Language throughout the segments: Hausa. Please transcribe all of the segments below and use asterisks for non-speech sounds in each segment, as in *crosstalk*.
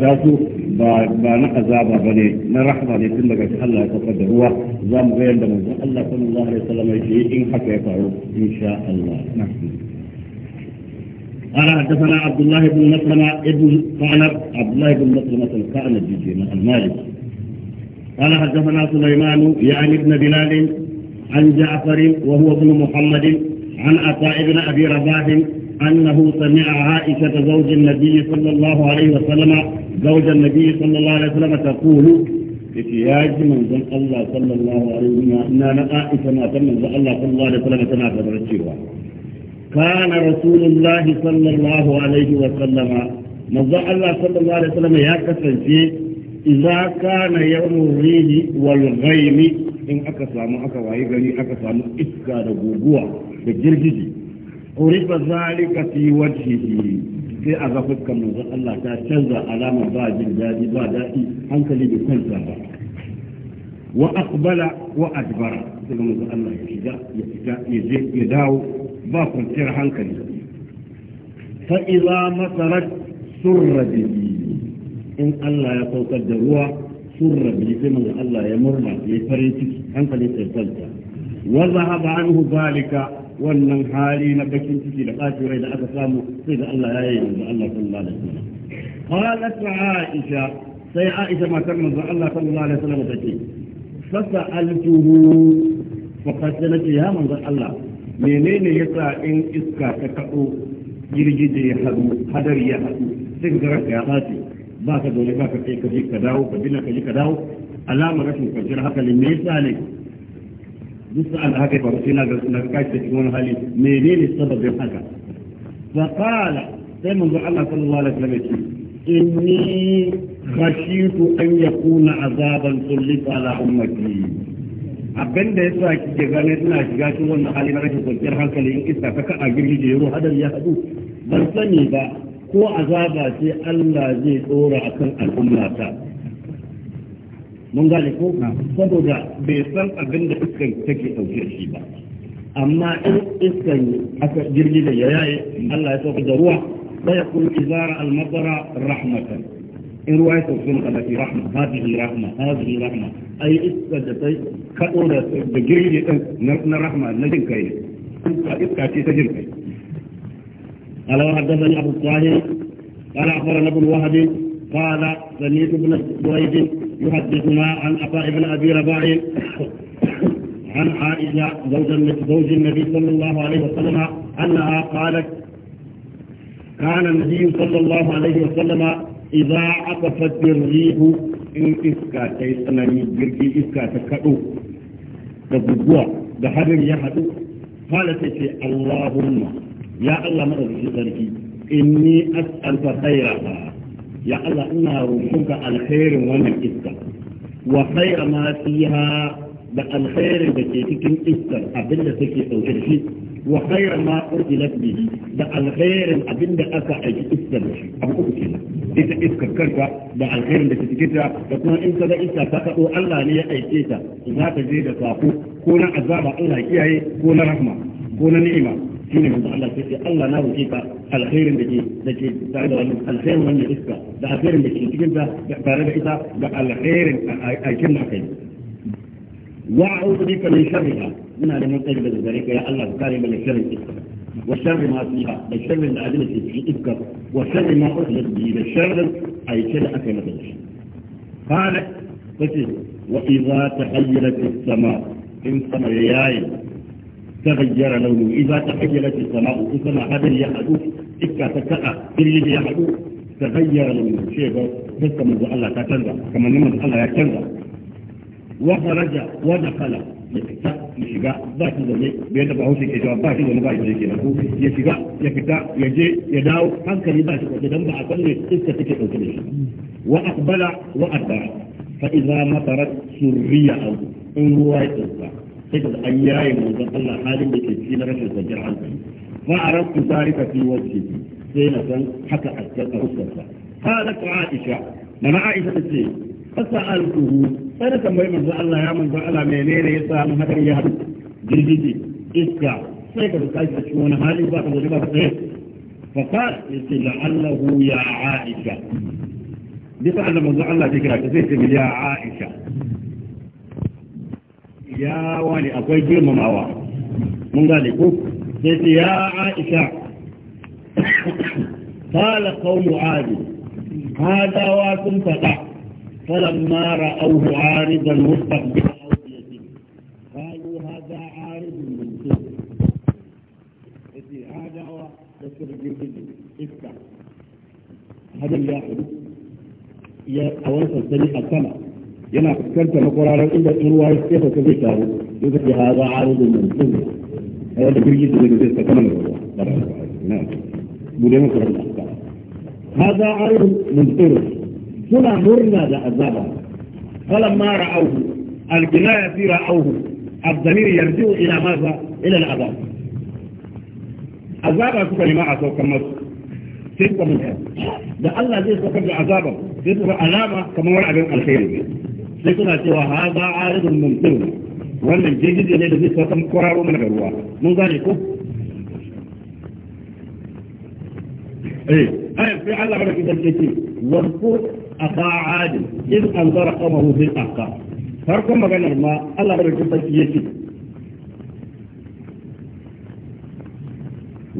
ذاتو با با نقزا با بني نرحمة لكل لك الله تقد هو زام غير دم الله صلى الله عليه وسلم يجي إن حكيته إن شاء الله نعم أنا حدثنا عبد الله بن مسلمة ابن قانب عبد الله بن مسلمة القانب يجي مع المالك أنا حدثنا سليمان يعني ابن بلال عن جعفر وهو ابن محمد عن عطاء بن ابي رباح أنه سمع عائشة زوج النبي صلى الله عليه وسلم زوج النبي صلى الله عليه وسلم تقول احتياج من ذن الله صلى الله عليه وسلم أن عائشة ما تم من ذن الله صلى الله عليه وسلم تنافذ الشيوة كان رسول الله صلى الله عليه وسلم من ذن الله صلى الله عليه وسلم يكسر شيء إذا كان يوم الريح والغيم إن أكسام أكواهي غني أكسام إسكار غوغوة بجرجدي قرب ذلك في وجهه في من كما الله تعالى على مباج الجاد بادائي أنت لي بكل سابع وأقبل وأجبر كما ذا الله يشجع يشجع يزيد يداو باقل سير حنك لي فإذا مطرت سر به إن الله يطوط الدروع سر به كما ذا الله يمرنا يفريتك أنت لي تنزع وذهب عنه ذلك wannan hali na bakin ciki da ɓacin rai da aka samu sai da Allah ya yi yanzu Allah sallallahu alaihi wasallam qalat aisha sai aisha matar manzo Allah sallallahu alaihi wasallam take fasa'altuhu faqad nace ya manzo Allah menene yasa in iska ta kado girgije ya hadu hadari ya hadu sai ga ya bace ba ka dole ba ka kai ka je ka dawo ka bina ka ji ka dawo alamar rashin kwanciyar hankali me yasa ne duk sa'an da haka ya faru na ga na kashi da cikin wani hali menene sababin haka fa qala sai manzo Allah sallallahu alaihi wasallam ya ce inni khashitu an yakuna azaban sullita ala ummati abin da ya sa kike gane suna shiga cikin wannan hali na rashin kwanciyar hankali in iska ta a girgi da yaro hadari ya haɗu ban sani ba ko azaba ce Allah zai ɗora akan ta. mun gane ko saboda bai san abin da iskan take dauke shi ba amma in iskan aka jirgi da ya yaye Allah ya sauka da ruwa sai ya kullu izara al rahmatan in ruwa ya sauka mun Allah rahma hadihi rahma hadihi rahma ai iska da ta kado da da jirgi din na rahma na jin kai iska ce ta jin kai alaw haddathani abu tahir قال أخبرنا ابن وهب قال سميت بن سويد يحدثنا عن عطاء بن أبي رباعي عن عائشة زوج النبي صلى الله عليه وسلم أنها قالت كان النبي صلى الله عليه وسلم إذا عطفت الريح إن إسكا تيسنني جرجي إسكا تكأو تبقوا بحر يحدو قالت اللهم يا الله مرضي ذلك إني أسألك خيرها ya Allah ina roƙonka alkhairin wannan iska wa khayra ma fiha da alkhairin da ke cikin iskar abinda take dauke da shi wa khayra ma urjilat bihi da alkhairin abinda aka aiki iskar da shi abu uku kenan ita iskar kanta da alkhairin da ke cikin ta da kuma in ka ga iska ta kado Allah ne ya aike ta za ta je da sako ko na azaba Allah kiyaye ko na rahma ko na ni'ima shi ne manzo Allah sai Allah na roƙe ka alkhairin da ke da ke tare da wannan alkhairin wannan iska da alkhairin da ke cikin ta tare da ita da alkhairin aikin na kai wa a'udhu bika min sharriha ina da matsayi daga gare ka ya Allah ka kare mana sharrin iska wa sharri ma fiha da sharrin da adina ke cikin iska wa sharri ma ukhlat bi da sharrin aikin da aka yi mata shi kana kace wa idza tahayyalat as-sama in sama yayi تغير لونه إذا تحيلت السماء السماء هذا اللي يحدو إكا تكأ اللي يحدو تغير لونه شيء بس كما نقول الله تتنزع كما نقول الله يتنزع وخرج ودخل يشجع باش زمي بيد بعوسي كي جواب باش زمي باش زمي كي يشجع يكتا يجي يداو هم كلي باش كي دم باش كلي إيش كتير كتير وأقبل وأدار فإذا مطرت سرية أو إنواع الزمان sai ka an yaye manzon Allah halin da ke cikin rashin kwanciyar hankali fa arabtu zalika fi wajhi sai na san haka a cikin fuskarsa qalat aisha mana aisha tace fasaltuhu sai da tambayi manzon Allah ya manzon Allah menene ya samu hadari ya hadu girgije iska sai ka buƙaci a cikin wani hali ba ka gode ba ka tsaye fa qala la'allahu ya aisha bisa Allah manzon Allah ya kira ta sai ce ya aisha ya wani akwai girmamawa mun gane ko sai ce ya aisha qala qawmu ad hadawa sun fada falamma ra'awhu aridan mustaqbil قالوا هذا عارض من هذا هو هذا اللي يا أول سنة السماء yana fuskantar makwararar inda ruwa ya tsefa ta zai taru sai ka ce ha za a rubu mai tsin a yadda birgin da zai zai saka mana ruwa bude masa ruwa ha za a rubu mai tsin suna murna da azaba mara falan ma ra'auhu alkinaya fi ra'auhu الضمير يرجع إلى ماذا؟ إلى العذاب. عذاب سوى a أسوى masu, sai kuma da Allah zai saukar da azaba zai saukar alama kamar wani abin alkhairi sai suna cewa haza aridun mumtir wannan jirgin ne da zai saukan kwararo mana da ruwa mun gane ko eh ayat fi Allah baraka da yake wanku aka adin in an anzara qamahu fil aqab farkon magana ma Allah baraka da yake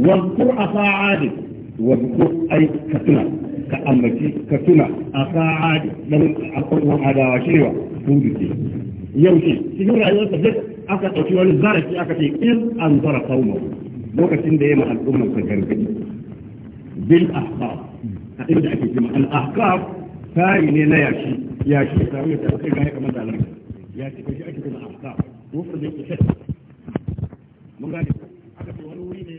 wanku aba adin wanku ay katuna ka ambaci ka tuna a sa'adi dan al'ummar adawa cewa ce yau yaushe cikin rayuwarsa duk aka ɗauki wani zarafi aka ce in an zara kauma lokacin da ya ma al'ummar sa gargaɗi bil ahqaf a inda ake cewa al ahqaf tari ne na yashi yashi ta wuya ta kai gaya kamar da Ya yashi ko shi ake cewa ahqaf wufur da ke mun gane aka ce wani wuri ne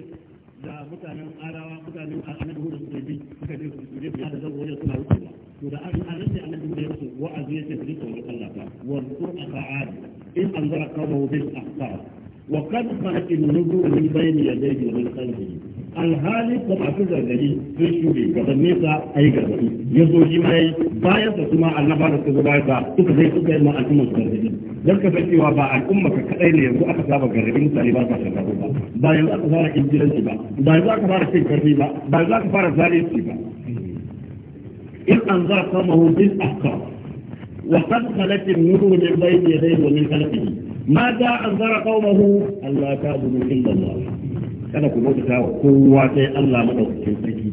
da mutanen arawa mutanen da hudu su bi suka je su je da zango suna to da an an annabi wa'azi ya wa Allah ta wa in anzara bil wa qad min bayni alhali ko masu gargadi sun shuɗe gaban nesa a yi gargadi ya zo shi ma yi bayan sa kuma annaba da suka bayan sa suka zai suka yi ma al'umma su gargadi don ka san cewa ba al'umma ka kaɗai ne yanzu aka saba gargadi mutane ba sa shagaru ba ba yanzu aka fara injilanci ba ba yanzu aka fara cin karfi ba ba yanzu aka fara zalunci ba in an zara kama hujjin afkar wa kan halatin nuru ne bai ne zai domin halatin ma da an zara kawo mahu Allah ta budu illa Allah kada ku bauta wa kowa sai Allah madaukakin sarki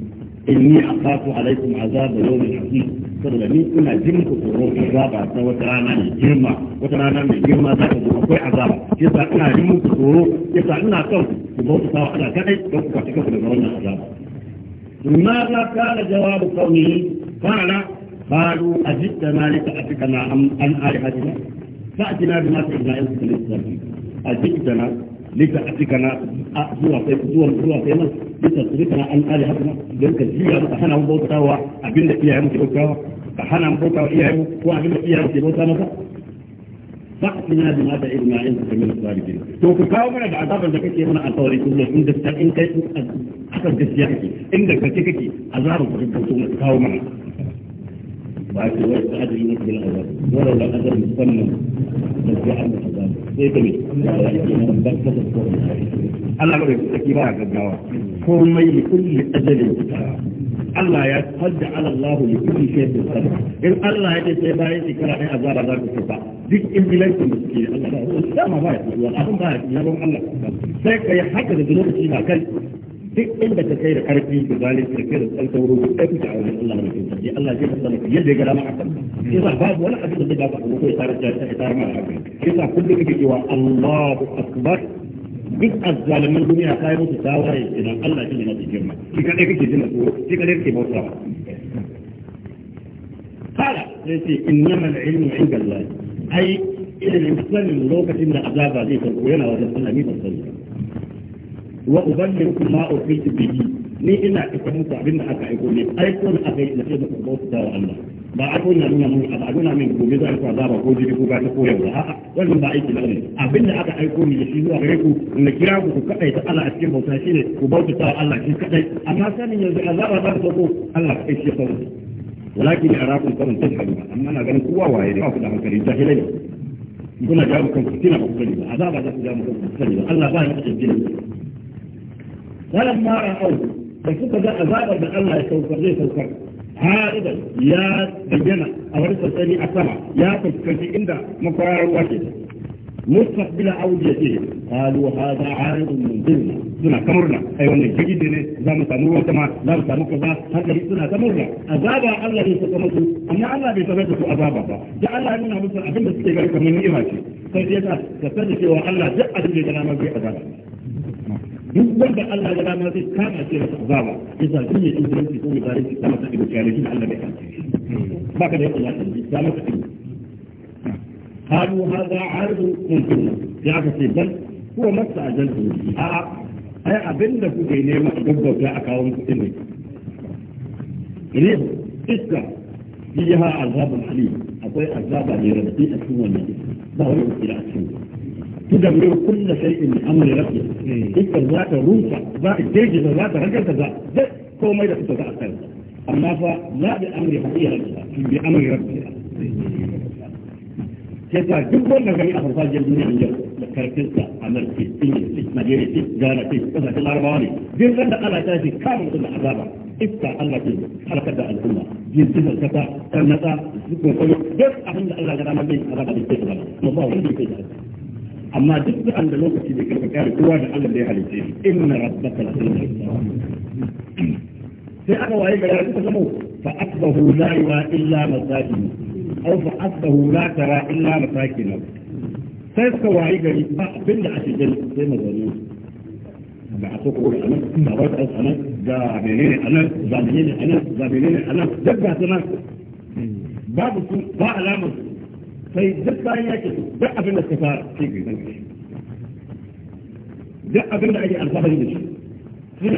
inni akhafu alaikum azab yawmin azim saboda ni ina jin ku tsoron azaba ta wata rana mai girma wata rana mai girma za ta zo akwai azaba yasa ina jin ku tsoro yasa ina son ku bauta wa Allah kadai don ku kwace kanku daga wannan azaba ماذا كان جواب قومه قال قالوا أجدنا لتأتكنا عن آلهتنا فأتنا بما تعدنا إلى الإسلام أجدنا lika a cika na zuwa sai zuwa zuwa sai nan bisa surika na alƙali haka nan don ka jiya ka hana mu bautawa abinda iyaye mu ke bautawa ka hana mu bautawa iyaye mu ko abinda iyaye mu ke bauta maka ba a cinya da mata irin na yin sabbin da tsari biyu to ku kawo mana da azabar da kake mana alƙawari ko da kun gaskiya in kai haka gaskiya kake in da kake kake azabar ku kawo mana ba ce wai ta ajiyar wasu bin azab wani da azab musamman da ke an azab sai ka ne dan kasa ko Allah ba ya k'i ba gaggawa komai li kulli ajalin Allah ya fadda ala Allah li kulli shay'in sabr in Allah ya ce sai bayan shekara ɗaya azab za ta tuba duk ibilancin da suke Allah ba ya ba ya tuba Allah sai ka yi haka da lokaci na kai duk inda ka kai da karfi da zalunci da kai da tsarkar wuri da kai da aure Allah mai kyau sai Allah zai fasa maka yadda ya ga dama akan yasa babu wani abin da zai baka ko ya tsara ta ta tsara maka yasa kullum kake cewa Allahu akbar duk azzalimin duniya kai musu tawaye idan Allah shi ne mafi girma shi kadai kake jin tsoro shi kadai kake bautawa kala sai ce innama al-ilmu inda Allah ai ilmin sanin lokacin da azaba zai sauko yana wajen Allah ne ban sani wa uballiku ma ufitu bihi ni ina isa muku abin da aka aiko ne aiko ne aka yi da sai muku bauta wa Allah ba aiko na nuna mun a aiko na min gobe za ku zaba ko jiri ko gata ko yau a'a wannan ba aiki ne abin da aka aiko ne shi zuwa gare ku na kira ku ku kadai ta Allah a cikin bauta ne ku bauta wa Allah shi kadai amma sanin yanzu azaba za ku ko Allah ka. shi a walakin arakum qawlan tajhalun amma na ganin kowa waye da ku da hankali jahilai kuna jawo kan kina ba ku sani ba azaba za ku jawo kan ba Allah ba ya jini فلما رأوه فكيف جاء ذاكر بأن الله يستوفر لي سوفر هذا يا بجنة أوريس السيدي أسمع يا تفكتي عند مقرار الوحيد مستقبل أوجيته قالوا هذا عارض من ذلنا سنة تمرنا أيوان الجديد لم تمر وكما لم تمر كذا هكذا سنة تمرنا أذابا الله يستمر أما الله يستمر أذابا جعل الله منها مثلا أفهم السيدي من إيماتي فإذا كتبت وأن الله جعل الجنة ما في أذابا duk wanda Allah ya dama zai kama shi da azaba yasa duk mai inganci ko mai zalunci sama da ido kyale shi Allah bai kama shi ba ka da yake ya tsaye ya masa ido قالوا هذا عرض ممكن يا أخي بل هو ما استعجلته ai abin da kuke nema a gaggauta a kawo kuɗi ne rihu iska fiha azabun alim akwai azaba ne rabbi a cikin wannan ba wani kuɗi a cikin تدمر كل شيء من امر ربه تلك ذات روسا ذات تجد ذات رجل ذات كوما اذا كنت تاخر اما فلا بامر حقيقه بامر ربه كيف دك ولا غني افراد الجنه عند كركستا عمل في الدين مدينه في غانا في قصه الاربعين دين غدا على تاسي كامل العذاب iska Allah ke halakar da al'umma jirgin kasa karnata duk abin da Allah ga dama zai azaba da ke gaba ba wanda ke da amma duk da an da lokaci da karfa kare kowa da Allah da ya halice shi inna rabbaka latil sai aka waye gari aka zama fa asbahu la yara illa masakin aw fa asbahu la tara illa masakin sai suka waye gari ba abin da ake gani sai mazauni ga a soko da anan ga wata asu anan ga menene anan ga menene anan ga menene anan duk ga su nan babu su ba alamar su sai duk bayan yake su duk abin da suka fara sai ku zan duk abin da ake alfahari da shi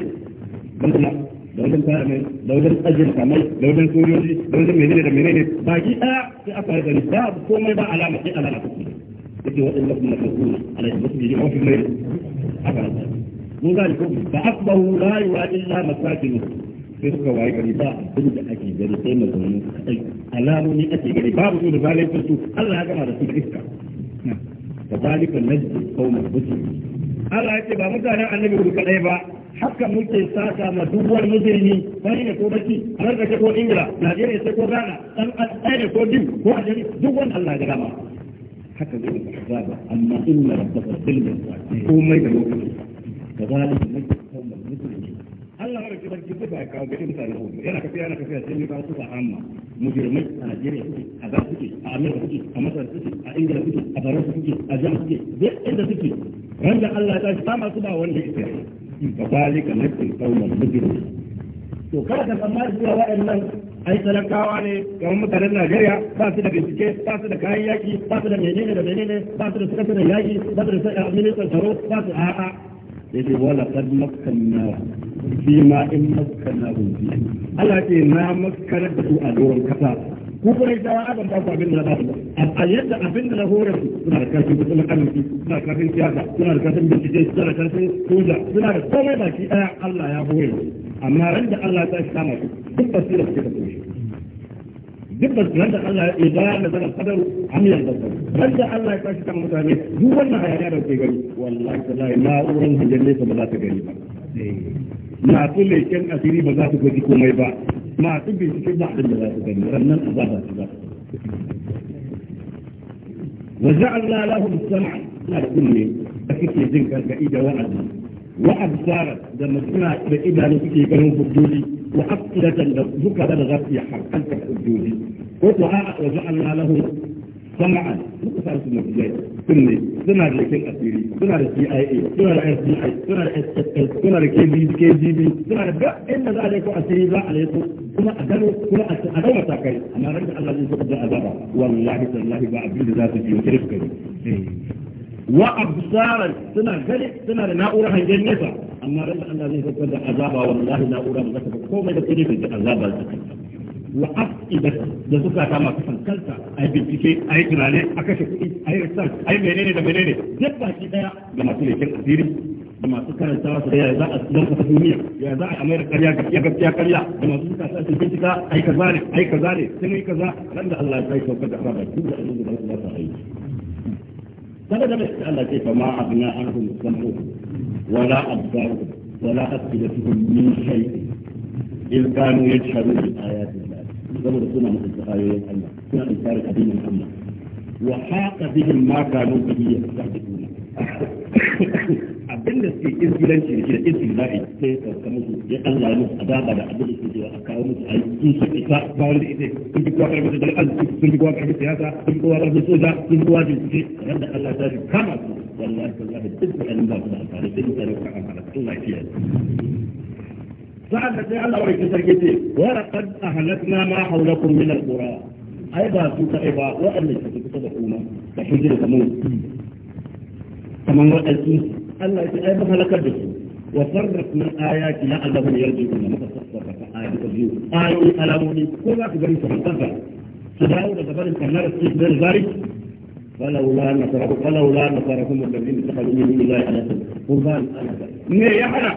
bandana da wajen tsaramai da wajen ajiyar kamai da wajen sojoji da wajen menene da menene baki ɗaya sai aka yi gani babu komai ba alama sai alama kuɗi yake waɗanda kuma kasuna ala yi wasu biyu mafi mai aka rasa mun gani ko ba akbaru kuma yuwa illa masakinuhu sai suka waye gari ba abin da ake gari sai na zaune kai alamomi ake gari babu su da zalunci su Allah ya gama da su iska kadhalika najdi qawma mujrimin Allah ya ce ba mutanen annabi ku kadai ba haka muke saka ma duk wani mujrimi bari ne ko baki har da ko ingila Najeriya sai ko Ghana dan al'ada ko din ko ajari duk wani Allah ya gama haka zai zaba amma inna rabbaka bil mutaqin komai da lokaci kadhalika najdi wannan harafin sarki suka kawo ga mutane hudu yana kafiya yana kafiya sai ne kawo suka amma mujirmai a Najeriya suke a Ghana suke a Amerika suke a Masar suke a Ingila suke a Faransa suke a Jamus suke duk inda suke wanda Allah ya tashi sama su ba wanda yake ka zalika nakil qauman mujrimin to kada ka tsammani cewa wa'annan ai talakawa ne kamar mutanen Najeriya ba su da bincike ba su da kayan yaki ba su da menene da menene ba su da sakataren yaki ba su da ministan tsaro ba su a'a yake wala kad makkanna fi ma in makkanna fi Allah ce na makkara da su a doron kasa ko kuma da adam ba abin da ba a yadda abin da na hore su suna da su kuma aminci suna da karfin siyasa suna da karfin bincike suna da karfin soja suna da komai baki daya Allah ya hore amma ran da Allah ta kama su duk basira suke da su duk basiran da Allah ya ba da zan kadar hanyar da ran da Allah ya tashi kan mutane duk wannan hayaniya da ke gani wallahi tallahi na'urar hajjar nesa ba za ta gani ba masu leken asiri ba za su gaji komai ba masu bincike ba abin da za su gani sannan a za su ba wa ja'alna lahum sam'a na da kunne da kake jin gargadi da wa'azi wa absara da masuna da idanu suke ganin hujjoji مؤكدة ذكى بلغت في حرقا كالحجوج قلت آه، وجعلنا له سمعا مقصر في المسجد سنة سنة لكل أسيري سنة لسي آي اي سنة لسي آي سنة لسي سنة لكي بي كي جي بي سنة لبقى إلا ذا أسيري عليكم كما أدلوا كما أدلوا تاكي أما رجع الله يسوق ذا والله تالله بأبيد ذات في wa absaran suna gani suna da na'urar hangen nesa amma ran da Allah zai fitar da azaba wallahi na'ura ba ta komai da kudi da azaba ta wa afida da suka ta masu kankanta ai bincike ai tunane a kashe kuɗi ai research ai menene da menene duk shi daya ga masu leken asiri da masu karantawa su ya za a zarfa ta duniya ya za a amai karya gaskiya gaskiya kariya da masu suka sa su bincika ai kaza ne ai kaza ne sun yi kaza ran da Allah ya kai saukar da azaba duk da Allah ya ba su yi. فبدا يسال كيف إيه؟ ما ابنى عنهم سمعهم ولا ابصارهم ولا أسئلتهم من شيء اذ كانوا يجهلون بايات الله كما رسولنا من التخيل ان كنا انكار قديم محمد وحاق بهم ما كانوا به يستحدثون abin da suke izgilanci da shi da izgilanci sai ka ka musu ya Allah ya musu azaba da abin da suke a kawo musu ai sun su isa ba wani ita sun ji kuwa karbi da al'adu sun ji kuwa karbi siyasa sun ji kuwa karbi soja sun ji kuwa jinsuke kamar da Allah ta kama su wallahi wallahi duk da ba su da amfani sai mutane ku amfana Allah ya sa'an da sai Allah wa rikin sarki ce wa laqad ahlatna ma hawlakum min al-qura ai ba su kai ba waɗanda suke kusa da kuma da hijira da mu kamar waɗansu Allah ya ai ba halakar da su wa sarrafna ayati la allahum yarji'un muka sarrafa ayati biyu ayoyi alamomi ko za ku gani su hankanka su dawo daga barin kallar su da zari فلولا نصرهم فلولا نصرهم الذين اتخذوا من دون الله اناسا قربان اناسا me ya hada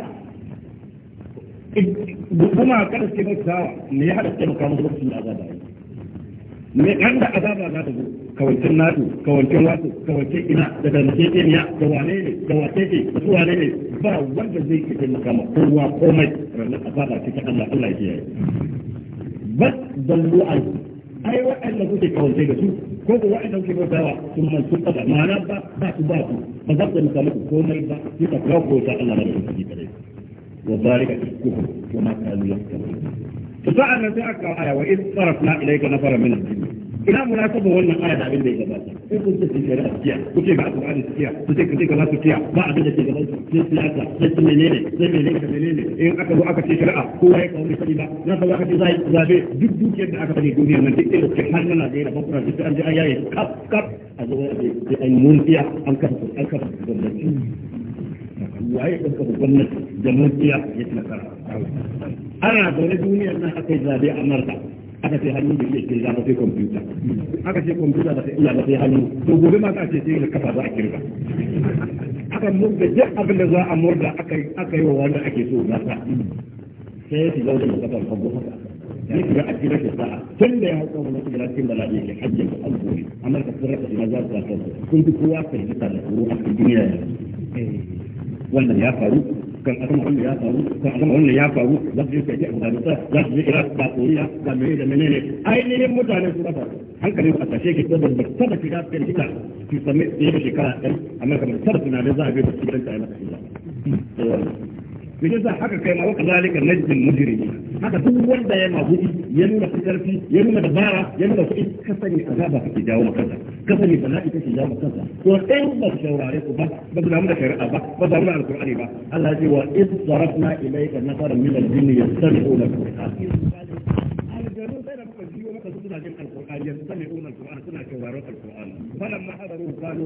kuma kada su taimaka me ya hada taimaka musu lokacin da azaba ne kan da azaba za ta zo kawancin nato kawancin wato kawancin ina da dantekeniya da wane ne da wateke da su wane ne ba wanda zai ke taimaka ma kowa komai ranar a fada cikin Allah Allah ya yi bas dallu an ai waɗanda kuke kawance da su ko ko waɗanda kuke bautawa sun man sun tsada ma'ana ba ba su ba su ba za ku maka muku komai ba sai ka kawo ko ta Allah da su kare wa barika kuku wa ma kanu yaktabu فسأل ذاك آية وإذ صرفنا إليك نفر من ina mu ba wannan aya da abin da ya gabata sai kun ce shari'a tiya ku ce ba ku alqur'ani tiya ku ce kace kaza tiya ba abin da ke gaba ku sai siyasa sai ne ne sai ne menene da ne in aka zo aka ce shari'a ko ya kawo sani ba na ba ka ce zai zabe duk dukiyar da aka sani duniya nan duk da ke har na Najeriya ba kuma duk an ji an yaye kap kap a zo ne da an mun tiya an kafa an kafa gwamnati waye kan kafa gwamnati da mun tiya ya tsara ana zaune duniyar nan aka yi zabe a Amurka aka ce hannu bai a kirga sai kwamfuta aka ce kwamfuta ba iya ba sai hannu to gobe ma ka ce sai da kafa za a kirga aka murda duk abin da za a murda aka yi wa wanda ake so na sa sai ya shiga wajen kasar kwamfuta haka ya shiga a kira rashin sa'a tun da ya hauka wani shiga cikin bala'i ya ke hajjin da alƙuri amma ka tsira ka shiga za su sa kun fi kowa firgita da tsoro a cikin duniya eh, wannan ya faru kan akan wannan ya faru kan akan wannan ya faru za su je su yi afghanistan za su je iraq ba koriya ba mene da mene ne ainihin mutane su kafa hankalin su a tashe ke saboda ba taba shiga cikin kika su sami tsaye da shekara ɗan amma kamar tara tunanin za a bai da cikin ta yi masa shiga yake yasa haka kai ma wa kazalika najjin mujrimi haka duk wanda ya mabu ya nuna karfi ya nuna dabara ya nuna kuɗi ka sani azaba kake jawo maka ka sani bala'i kake jawo maka to in ba shaurare ku ba ba ku damu da shari'a ba ba damu da alqur'ani ba Allah ya ce wa id sarafna ilayka nafaran min al-jinni yastami'una al-qur'an aljanu sai da kuka suna jin alqur'ani yastami'una al-qur'an suna falamma hadaru qalu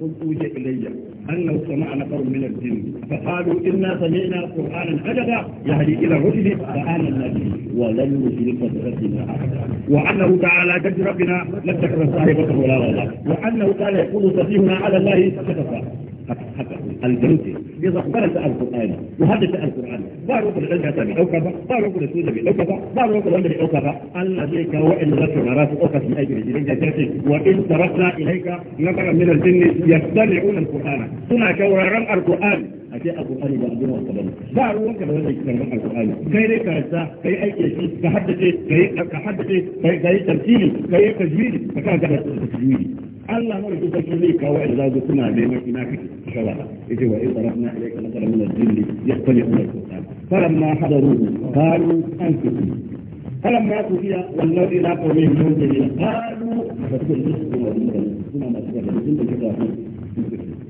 قل أوحي إلي أنه سمع نفر من الجن فقالوا إنا سمعنا قرآنا عجبا يهدي يعني إلى الرشد فآمنا به ولن نشرك بربنا أحدا وأنه تعالى جد ربنا لم تكن صاحبته ولا ولا وأنه تعالى يقول سفيهنا على الله كتفا الجنسي بيتقبل القرآن يحدث القرآن بعض أقول العلم يسمي أوكبا بعض أقول السودة بأوكبا بعض أقول الأمر أوكبا الذيك وإن ذكر راس أوكس من أجل جلجة وإن تركنا إليك نفرا من الجن يستمعون القرآن سنة كورا القرآن a ce alqur'ani ba abin wasa bane ba ruwanka da wannan karban alqur'ani kai dai karanta kai aiki da shi ka haddace kai ka haddace kai kai tafsiri kai tajwidi ka ka ga tajwidi Allah mara kuka shi zai kawo da zago suna neman ina kake shawara yace wa in sarafna ilayka nasaran min al-jinni yastami'una al-qur'an falamma hadaruhu qalu anfiqu فلما قضي والله الى قومه منزلين قالوا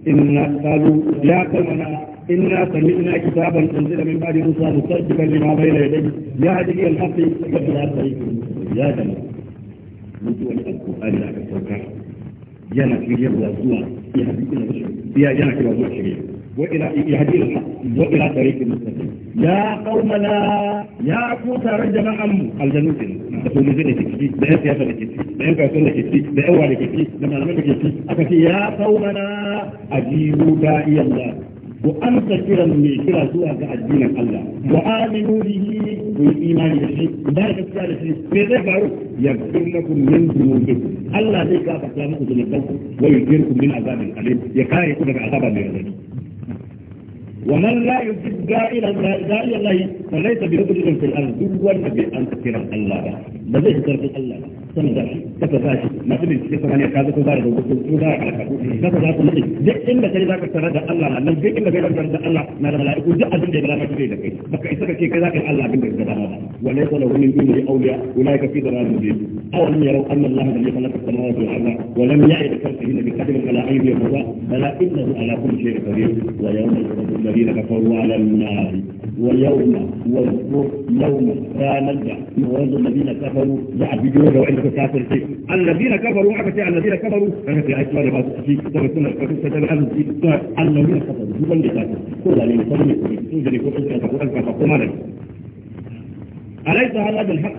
إن قالوا يا قومنا إنا سمعنا كتابا أنزل من بعد موسى مصدقا لما بين يديه يهدي إلى الحق قبل أن تعيش وإلى طريق المستقيم يا قومنا يا قوت رجما أم الجنودين يا قومنا أجيبوا داعي الله wa amsa kiran mai kira zuwa ga addinin Allah wa aminu bihi ku yi imani da shi da gaskiya da shi me zai faru yaghfir lakum min dhunubikum Allah zai gafarta muku dhunubanku wa yujirkum min azabin alim ya kare ku daga azaba mai la yujid da ila da ila فليس برجل في الارض ولا بان تذكر الله بذكر الله سمدا كيف ما الله ما ذكر الله كذا ذكر الله ما لا لا يقول جاء ذي بلا ذكر ذي ذكر بس إذا كذا ذكر الله بين ذكر الله وليس له من دون أولياء ولا يكفي ذر المدين أو من يرو أن الله الذي خلق السماوات والأرض ولم يعد كفه إلا بكتب على عين يمضى بل إنه على كل شيء قدير ويوم يقول الذين كفروا على النار ويوم واذكر لو كان يغيظ الذين كفروا جاء في جوده وعندك كافر فيه الذين كفروا حكى الذين كفروا كان في مالي بعض في كتاب السنه كتاب كتاب اهل الذين كفروا هو اللي كافر كل اللي يصلي توجد يكون انت تقول انت تقوم عليك اليس هذا بالحق؟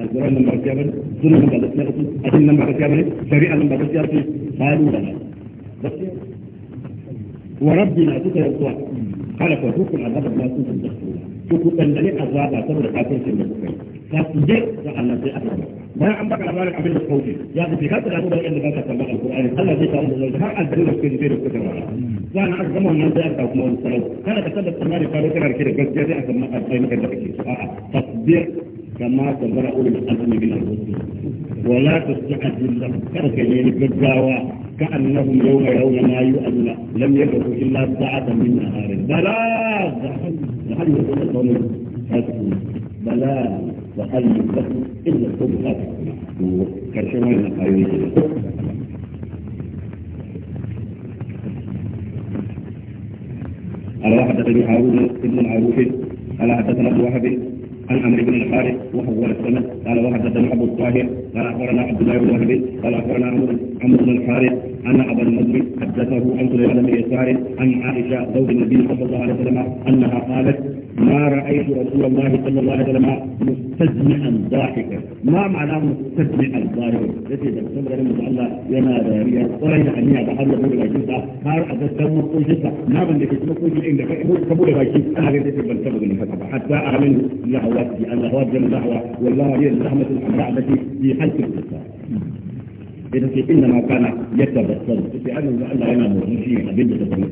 القرآن لما بتيابن السنة لما بتيابن الدين لما بتيابن الشريعة لما بتيابن قالوا لنا وربنا تتيابن ma hukun azaba ba su da su ku dandane azaba saboda kafircin da kuka yi ka ku Allah sai azaba bayan an baka labarin abin da suka ya ku ka a da wanda ka kalla alqur'ani Allah zai kawo da har azaba a kuke da kuka fara za na azaba wannan da aka kuma a salau kana ka tabbata tsammani ka kana rike da gaskiya sai a san maka sai maka da kake a'a tasbir كما تبرأ للأذن من الرسل ولا تستعجل لهم كركنين الجزاوة كأنهم يوم يوم ما يؤذن لم يبقوا إلا ساعة من نهار بلاء وهل يقول لهم بلاغ وهل يقول إلا الصبح كرشمان القيوم قال حدثني هارون بن معروف قال حدثنا ابو عن عمر بن الحارث وهو السند قال وحدثنا ابو الطاهر قال اخبرنا عبد الله بن وهب قال اخبرنا عمر بن الحارث ان ابا النضر حدثه عن سليمان بن يسار عن عائشه زوج النبي صلى الله عليه وسلم انها قالت ما رأيت رسول الله صلى الله عليه وسلم مستجمعا ضاحكا ما معنى مستجمعا ضاحكا يتي ده سمر من الله ينا داريا قرين عنيا ده الله بقول لك انت هار ادتم كل شيء ما بندك تسمع كل شيء انك قبول لك انا غير ده بنتبه من فتح حتى اعلن لهوات الله هو جل دعوه والله هي الرحمه الحمراء التي في حلق الانسان إذا إنما كان يتبصر في أنه الله أنا مرشي أبين تبصر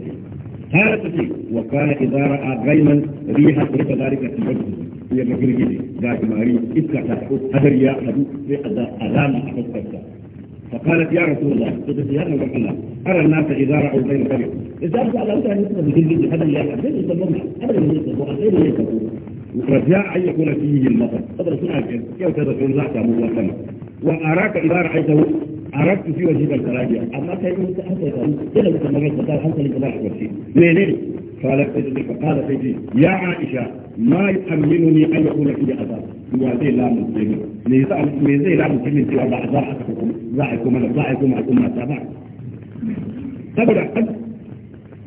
har suke wa kana idza ra'a ghaiman riha في dalika fi wajhi ya ga girgije ga kimari iska ta ko hadar ya فقالت يا رسول الله قلت يا رسول الله ارى الناس اذا راوا غير فريق اذا سال انت ان يسمى بجلد هذا اللي هذا اللي يسمونه هذا اللي يسمونه رجاء أن يكون فيه المطر هذا سنة كيف تدخل ذات أمور سماء وأراك إذا رأيته أردت في وجهك التراجع أما كيف أنت أنت أنت متمرس قال أنت لتباح وشيء ليه قال فقال سيدي يا عائشة ما يؤمنني أن يكون في عذاب وهذه لا مسلمين ميزي لا مسلمين سوى ضاعكم ضاعكم أنا ضاعكم أكم ما تابع تبرع قد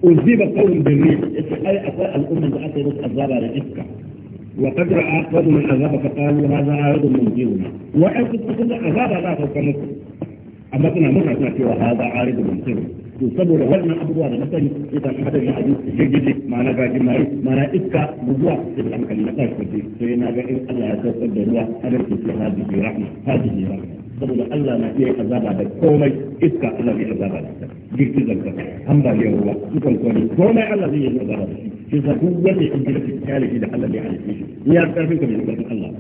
أذيب قول بالريح أي أقوى الأمة بأسرة الزرع لإسكة وقد رأى قوم العذاب فقالوا هذا عارض دونه وحيث تقول عذاب لا فوق أما كنا مرة سمعت وهذا عارض من سر يصبر هلنا أبو هذا مثلا إذا حدث الحديث جديد ما نبع جمعي ما نبع بضوع إذا لم يكن نقاش بدي فينا بإن الله يسوف الدنوى أدرك في هذه رحمة هذه رحمة سبب الله ما فيه عذاب على كومي إذكا الله فيه عذاب على جيكت ذلك هم بار يروا سكن كومي كومي الله فيه عذاب على ذلك إذا هو اللي حجي لك كالي في دحل اللي عليك يا أكثر منكم يقول الله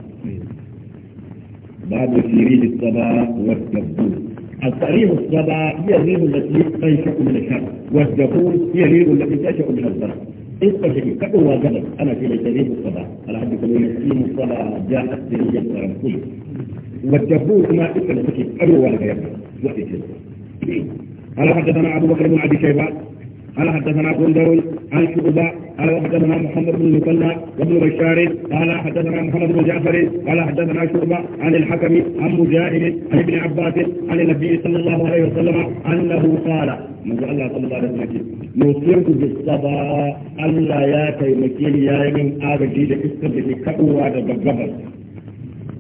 باب سيريد الصباح والتبدو التأريب السبع هي الريم التي تنشأ من الشرق والزيتون هي الريم التي تنشأ من الزرع استجري فقوى جبل أنا في الجريب الصباح على حد كل يسلم الصلاة جاءت سرية الرسول والجبور ما إكل فكي أروى لك يبقى على حدثنا أبو بكر بن عبد شيبان قال حدثنا قندر عن شعبة قال حدثنا محمد بن مسلى وابن بشار قال حدثنا محمد بن جعفر قال حدثنا شعبة عن الحكم عن مجاهد عن ابن عباس عن النبي صلى الله عليه وسلم انه قال من الله صلى الله عليه وسلم نوصيك بالصبا الا يا مكين يا من اجي لاستبدل كبوا دبغبر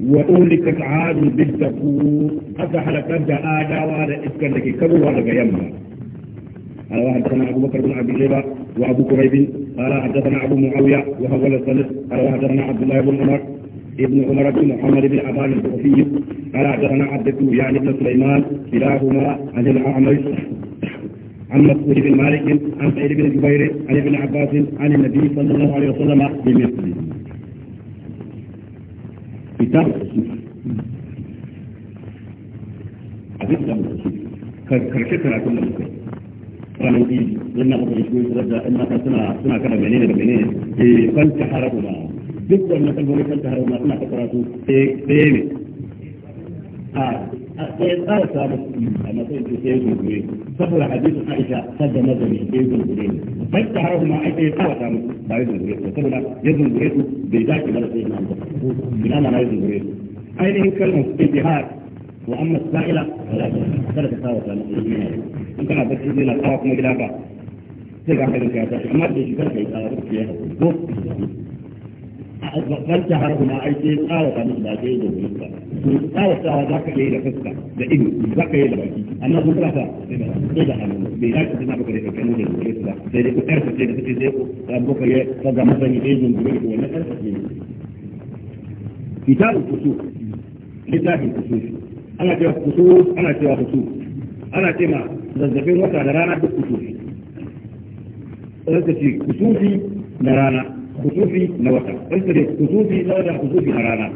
وأولك عاد بالتفور أفحلك أبدا وانا اسكن لك كبوا دبغبر قال حدثنا ابو بكر بن ابي شيبه وابو كريب قال حدثنا ابو معاويه وهو الثالث قال حدثنا عبد الله بن عمر ابن عمر بن محمد بن عبان الكوفي قال حدثنا عبد يعني بن سليمان كلاهما عن الاعمش عن مسعود بن مالك عن سعيد بن جبير عن ابن عباس عن النبي صلى الله عليه وسلم بمثله كتاب التشريف عزيز كتاب التشريف كركتنا كنا بكره ranar idi yana kuma shi kuma da in mata suna suna kada menene da menene eh fanta harama duk wannan kalmomin fanta harama suna ta karatu sai sai ne a a sai tsara sabu a matsayin da sai gurgure saboda hadisin Aisha sadda nazari sai gurgure ne fanta harama ake tsara sabu ba ya gurgure saboda ya gurgure bai dace ba sai na ina na ya gurgure ainihin kalmar ijtihad واما السائله فلا فلا تتفاوت على المسلمين ان كان بس يجي لقاك ما بلاك sai ga kai ya tashi amma da shi kanka ya tsara rufe ya hakuri ko azzaban ta har kuma ai sai tsawa ta musu da ke da fuska to tsawa tsawa za ka yi da fuska da ido za ka yi da baki amma kun kira ta sai da hannu bai za ka tana baka da kankan ana cewa kusur ana cewa kusur ana ce ma zazzafin wata da rana duk kusufi tsarkaci kusufi na rana kusufi na wata ce kusufi na wata kusufi na rana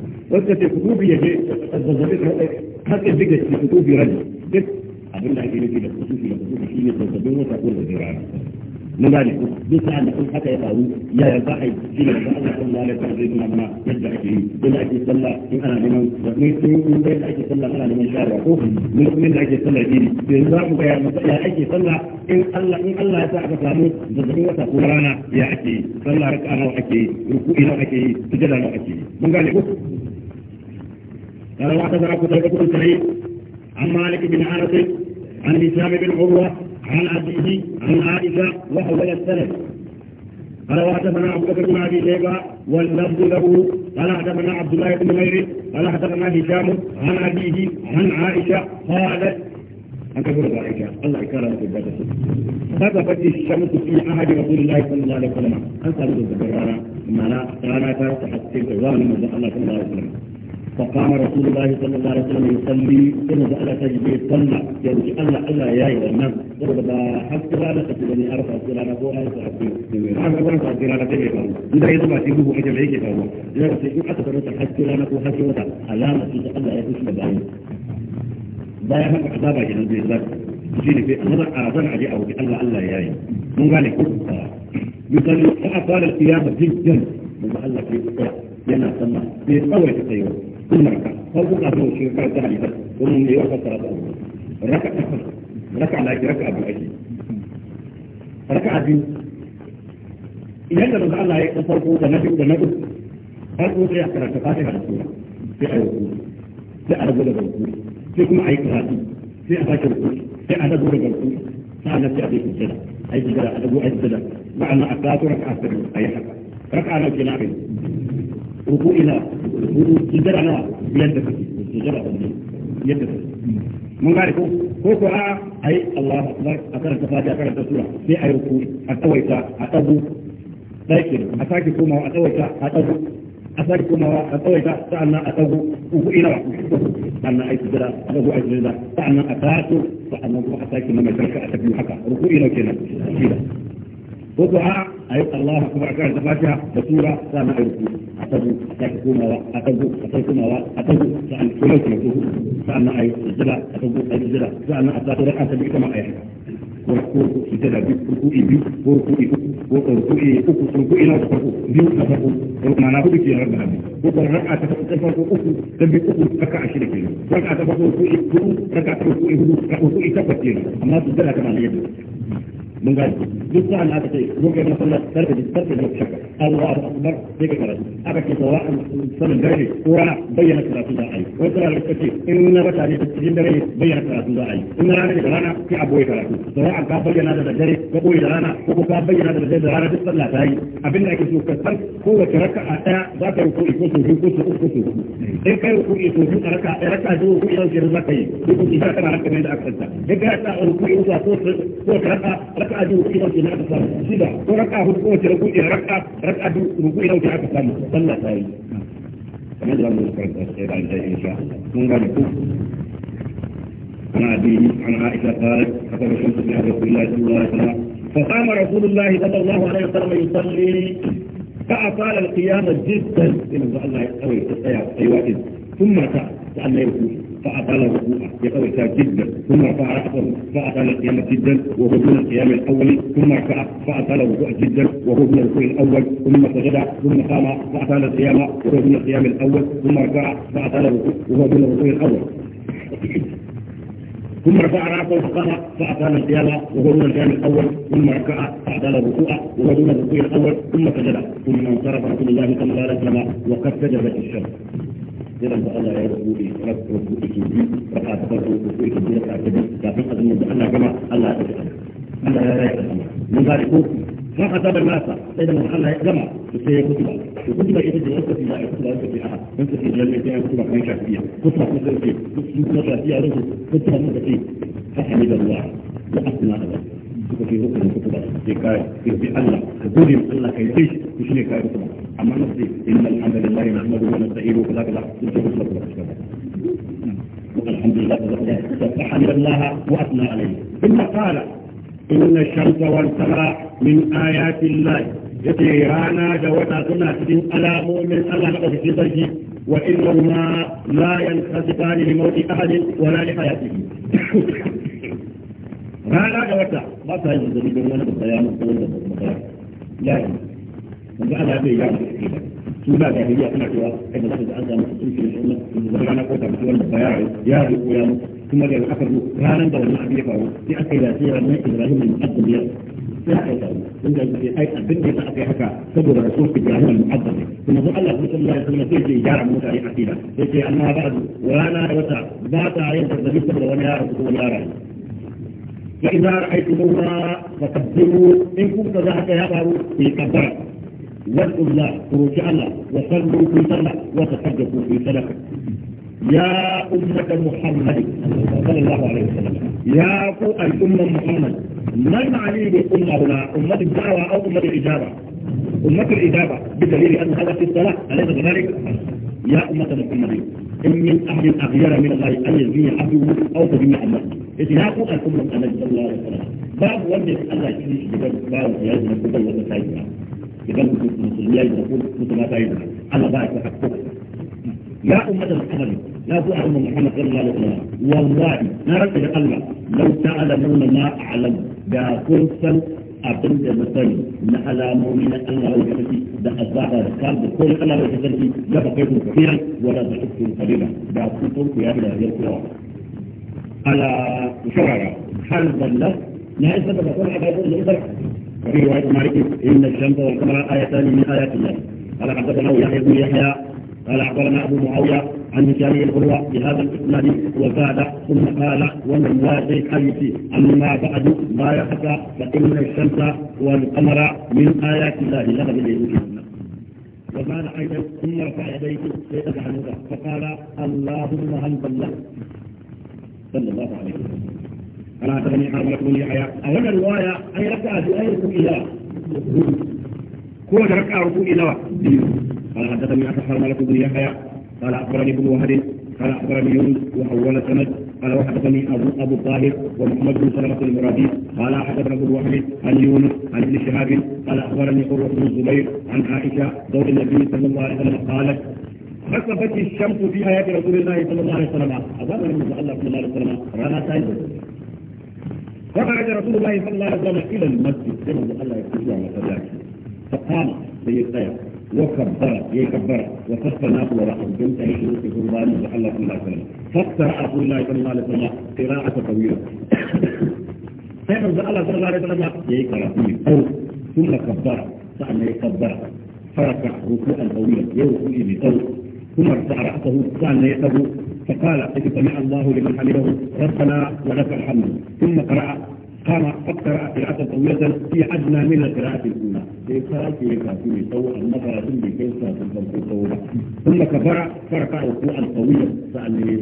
ce kusufi ya je zazzabin hakan duk da kusufi rani duk abin da ake nufi da kusufi da kusufi shi ne zazzafin wata ko zazzabin rana mun gane ku duk sa'an da kun haka ya faru ya ya za a yi shi da Allah sallallahu alaihi wasallam zai nuna mana yadda ake yi yadda ake sallah in ana neman mun da ake sallah ana neman shari'a ko mun da ake sallah ne yanzu za mu ya ake sallah in Allah in Allah ya sa aka samu zazzabin wata ko rana ya ake yi sallah raka'a nawa ake yi ruku'i nawa ake yi ake yi mun gane ku قال وحدثنا قتيبة بن سعيد عن مالك بن انس عن هشام عن عبده عن عائشة وهو السند قال وحدثنا عبد الله بن ابي شيبه واللفظ له قال حدثنا عبد الله بن نمير قال حدثنا هشام عن ابيه عن عائشه قالت أن تقول عائشة الله يكرمك البدر سقطت الشمس في عهد رسول الله صلى الله عليه وسلم أنت تقول ما لا لا تحت الله صلى الله عليه وسلم فقام رسول الله صلى الله عليه وسلم يصلي ثم سأل تجبير صلى يقول يعني الله الله يا أيها الناس ضرب حتى لا نقتل أن أرفع سلانا فوق أرفع سلانا أنا أرفع سلانا تجي فوق إذا يضبع تجيبه حاجة بيجي فوق إذا رسيكم حتى تنسى حتى سلانا فوق حتى وضع علامة تجي الله يكون سلانا بايا ما أحبابا جنوب الله تجيني في النظر أعظم علي أو الله الله يا أيها مو غالي يصلي أطال القيامة جدا من الله في الصلاة ينا سمع في قوة التيوم ثم ركع هل تقع في الشيطان تعرف ثم يوقف صلاته ركع ركع لك ركع بالأجل ركع بي إذا لم يفعل الله يقصر قوة نبي ونبي هل قوة يحترى الفاتحة الرسولة في أي وقوة في أرض الوقوة في كم أي كراتي في أباك الوقوة في أرض الوقوة فأنا في أبيك الجنة أي جنة أبو أي جنة مع أن أكلات ركعة في أي حق ركعة لك نعم ركوع إلى والتجارة نوع بيد التجارة بيد mun gane ko ko ko a ai Allahu akbar a karanta fatiha a karanta sura sai a ruku a tsawaita a tsago daikin a sake komawa a tsawaita a tsago a sake komawa a tsawaita sa'annan a tsago uku ina ba sannan ai sujada a tsago ai sujada sa'annan a taso sa'annan kuma a sake mamaita ka a tafi haka ruku ina kenan ko ko a ayi Allah kuma aka da fatiha da sura sana ayi ku atabu a kuma a atabu ta kuma wa atabu ta an kuma ku ko sana ayi jira atabu ayi jira a atabu da atabu kuma ayi ko ko ita da biyu ko ibi ko ko ibi ko ko ko uku ko ko ina ko ko biyu ka ko ko mana ko ke rabba ne ko ko a ta ta ko ko uku da bi uku kaka ashir ke ko ka ta ko ko ko ka ta ko ko ko ita ko ke amma su da ka ma ne mun gane duk sa'an aka ce mun ga masallar a da karfe da shakka Allahu akbar sai ka karatu aka ce sawa an sanin dare ko rana bayyana karatu da ai wai tsara da kace in na bata ne cikin dare bayyana karatu da ai in rana da rana sai a boye karatu sawa an ka bayyana da dare ko boye da rana ko ka bayyana da dare da rana duk sallah ta yi abinda ake so ka san kowace a daya za ka yi ko ko so ko so ko so in kai ko so ko raka'a daya raka'a ko ko yau ke zaka yi ko ko ka kana raka'a da aka tsaya daga ta ko ko so ko raka'a raka biyu kuɗi ɗauke na aka samu shida ko raka hudu ko wace rukuɗi na raka raka biyu rukuɗi ɗauke aka samu sallah ta yi kamar da zamu karanta sai da ta insha mun gane ku عن أبيه عن عائشة قالت حسب الشمس في رسول الله صلى الله عليه وسلم فقام رسول الله صلى الله عليه وسلم يصلي فأطال القيام جدا إن الله يقوي السيارة أيوة ثم سأل أن يكون فأطال الركوع يقوي جدا ثم رفع رأسه فأطال القيامة جدا وهو من القيام الأول ثم رفع فأطال الركوع جدا وهو من الركوع الأول ثم سجد ثم قام فأطال القيامة وهو من القيام الأول ثم رفع فأطال الركوع وهو من الركوع الأول ثم رفع راسه فقام فاقام القيامه وهو دون القيام الاول ثم ركع فاعدل الركوع وهو دون الركوع الاول ثم سجد ثم انصرف رسول الله صلى الله عليه وسلم وقد سجدت الشمس kiran da Allah ya rubu ne فأصاب الناس بينما خلى جمع في كتب كتب إذا جلست في لا كتب أنت في أحد أنت في جلال في كتب أحد في كتب أحد في كتب أحد شافية رجل كتب أحد شافية فحمد الله وأثنى عليه suka ce hukun في kuka sai في kirbi Allah في gode ma Allah ka yi في shi ne كتب yi kuma في na ce innal hamdalillahi nahmaduhu في كتب wa كتب wa nastaghfiruh في nastaghfiruh الحمد لله رب العالمين سبحان الله واثنى عليه ثم قال إن الشمس والقمر من آيات الله رانا دوتا سنة سنة ألا مؤمن ألا نقف في سجي وإنهما لا ينخسفان لموت أحد ولا لحياته *coughs* رانا دوتا ما سيد الزبيب من أنا بطيام الزبيب لا أنا لا يجب suna da hiriya suna cewa kai da zaka an samu cikin cikin wannan da rana ko ta mutuwar da baya ya yi ko ya mutu kuma da aka zo ranar da wannan abin ya faru sai aka yi lafiya ranar Ibrahim bin Abdul ya sai aka yi faru dan da sai ai abin da aka yi haka saboda Rasul Ibrahim bin Abdul kuma dan Allah sallallahu alaihi wasallam sai ya gyara mutane akida sai ce amma ba'du rana da wata ba ta yin da saboda wani yaro ko wani yaro فإذا رأيتموها فقدموا إن كنت ذاك يا في قدرك واتقوا الله خروج الله وصلوا في صلاة وتصدقوا في صدقة يا أمة محمد صلى الله عليه وسلم يا الأمة محمد ما المعني بالأمة هنا أمة الدعوة أو أمة الإجابة أمة الإجابة بدليل أن هذا في الصلاة أليس كذلك؟ يا أمة محمد إن من أحد أغير من الله أن يزني عبده أو تجمع أمته إطلاق الأمة النبي صلى الله عليه وسلم باب وجه الله يشريك بباب باب زيادة من قبل وتساعدها idan musulmi ya yi zaku musulma ta yi zaku Allah ba ya saka يا أمة محمد يا أبو أمة محمد صلى الله عليه وسلم والله ما رأيت الله لو تعلمون ما أعلم دا كنت abin da na sani na alamomi na Allah wa sarki da azaba da kar da kowa Allah wa sarki da ba kai ku kafira wala da ku kalila da ku kun ku ya da ya kuwa ala shawara hal balla na isa da kuma da da وفي رواية مالك إن الشمس والقمر آيتان من آيات الله قال حدثنا يحيى بن يحيى قال أخبرنا أبو معاوية عن هشام الغروة بهذا الإسناد وزاد ثم قال ومن لا شيء حديث أما بعد ما يخفى فإن الشمس والقمر من آيات الله بد اليهود وقال أيضا ثم رفع يديه سيدك فقال اللهم هل بلغت صلى الله عليه وسلم قال حدثني حرملة بن أولا الواية أن يركع في إلى كون ركع ركوع إلى قال حدثني بن يحيى قال أخبرني ابن وهب قال أخبرني يونس وأول سند قال وحدثني أبو أبو طاهر ومحمد بن سلمة المرادي قال حدثنا أبو وهب عن يونس عن ابن شهاب قال أخبرني قرة بن الزبير عن عائشة زوج النبي صلى الله عليه وسلم قالت خسفت الشمس في حياة رسول الله صلى الله عليه وسلم أظن من الله صلى الله عليه وسلم رانا سايد فخرج رسول الله صلى الله عليه وسلم الى المسجد كما قال الله يكتبه على قبلك فقام سيد خير وكبر يكبر وقف الناس ورحم بنت اهل بيت قربان وحل في الله سلم فاقترا رسول الله صلى الله عليه وسلم قراءه طويله سيدنا رسول الله صلى الله عليه وسلم يكبر او ثم كبر ثم يكبر فركع ركوعا طويلا يوم الى او ثم عمر راسه كان يده فقال قد سمع الله لمن حمده ربنا ولك الحمد ثم قرأ قام قد قرا قراءة طويلة في أدنى من القراءة الأولى يقرأ في كافي سوى النظر ثم كيف تنفقه ثم كبر فرفع ركوعا طويلا سأل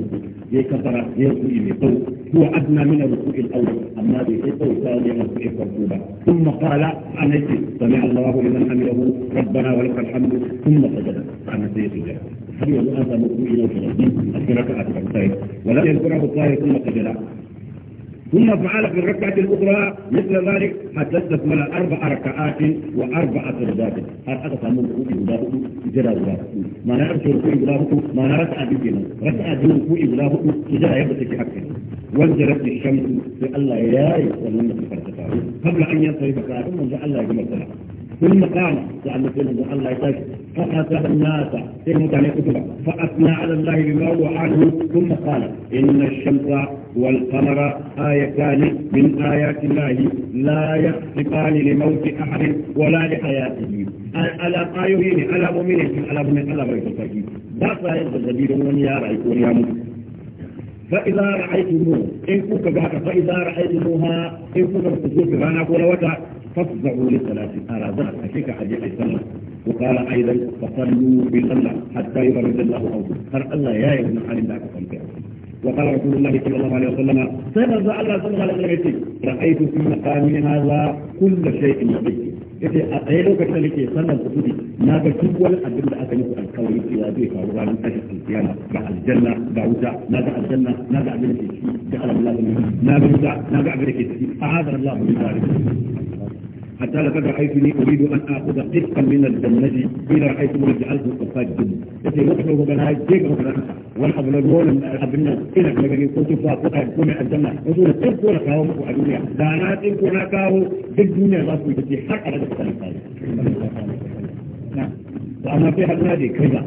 يكبر يركوع لطو هو أدنى من الركوع الأول أما بيقوى ثاني الركوع الفرقوبة ثم قال أنت سمع الله لمن حمده ربنا ولك الحمد ثم سجد عن سيد الله هل يقول أنت مؤمن إلى الثلاثين الشركة أتبعتين طيب. ولم يذكره الطاهر ثم سجد ثم فعل في الركعة الأخرى مثل ذلك حدثت من أربع ركعات وأربع سجدات هل هذا من كوي بلاهو سجدة بلاهو ما نعرف كوي بلاهو ما نعرف أبيجنا ركعة دون كوي بلاهو سجدة يبت في حقه وانزلت الشمس في الله يا يسلمنا في الفلسفة قبل أن ينصرف كاتم من الله يجمع ثم قال لأن الله يتاشف فأتى الناس في عليه فأثنى على الله بما هو عنه ثم قال إن الشمس والقمر آيتان من آيات الله لا يخطفان لموت أحد ولا لحياته ألا قايوين ألا مؤمنين ألا مؤمنين ألا غير مؤمنين بس هذا الزبير يا رأيك يا مؤمن فإذا رأيتموه إن كنت فإذا رأيتموها إن كنت بتزور في غانا كل فافزعوا للثلاث قال ذهب فشكى حديث الصلاة وقال أيضا فصلوا في بالله حتى يبرد الله أوضه قال الله يا ابن علي لا تقل وقال رسول الله صلى الله عليه وسلم سيد الله صلى الله عليه وسلم رأيت في مقامي هذا كل شيء يبيك إذا أعيدوا كتلك صلى الله عليه ما بكتب ولا أدب لأتنك القول في هذه فأرغان أجل القيامة بعد الجنة بعوزة ما بعد الجنة ما بعد الجنة ما بعد الجنة ما بعد الجنة ما بعد الجنة ما ذلك أعاذ الله من ذلك حتى لقد رأيتني أريد أن آخذ قسطا من الجنة إلى حيث من جعلته قصاد الجنة يتي وقفه وقالها جيب وقالها والحب لدول أبنى إلى مجري قلت فاقوها يكون الجنة وقال تلك لك هو مقوى الدنيا دانا تلك لك هو بالدنيا راسه يتي حق على جبتا لقالي نعم وأما في حد نادي كذا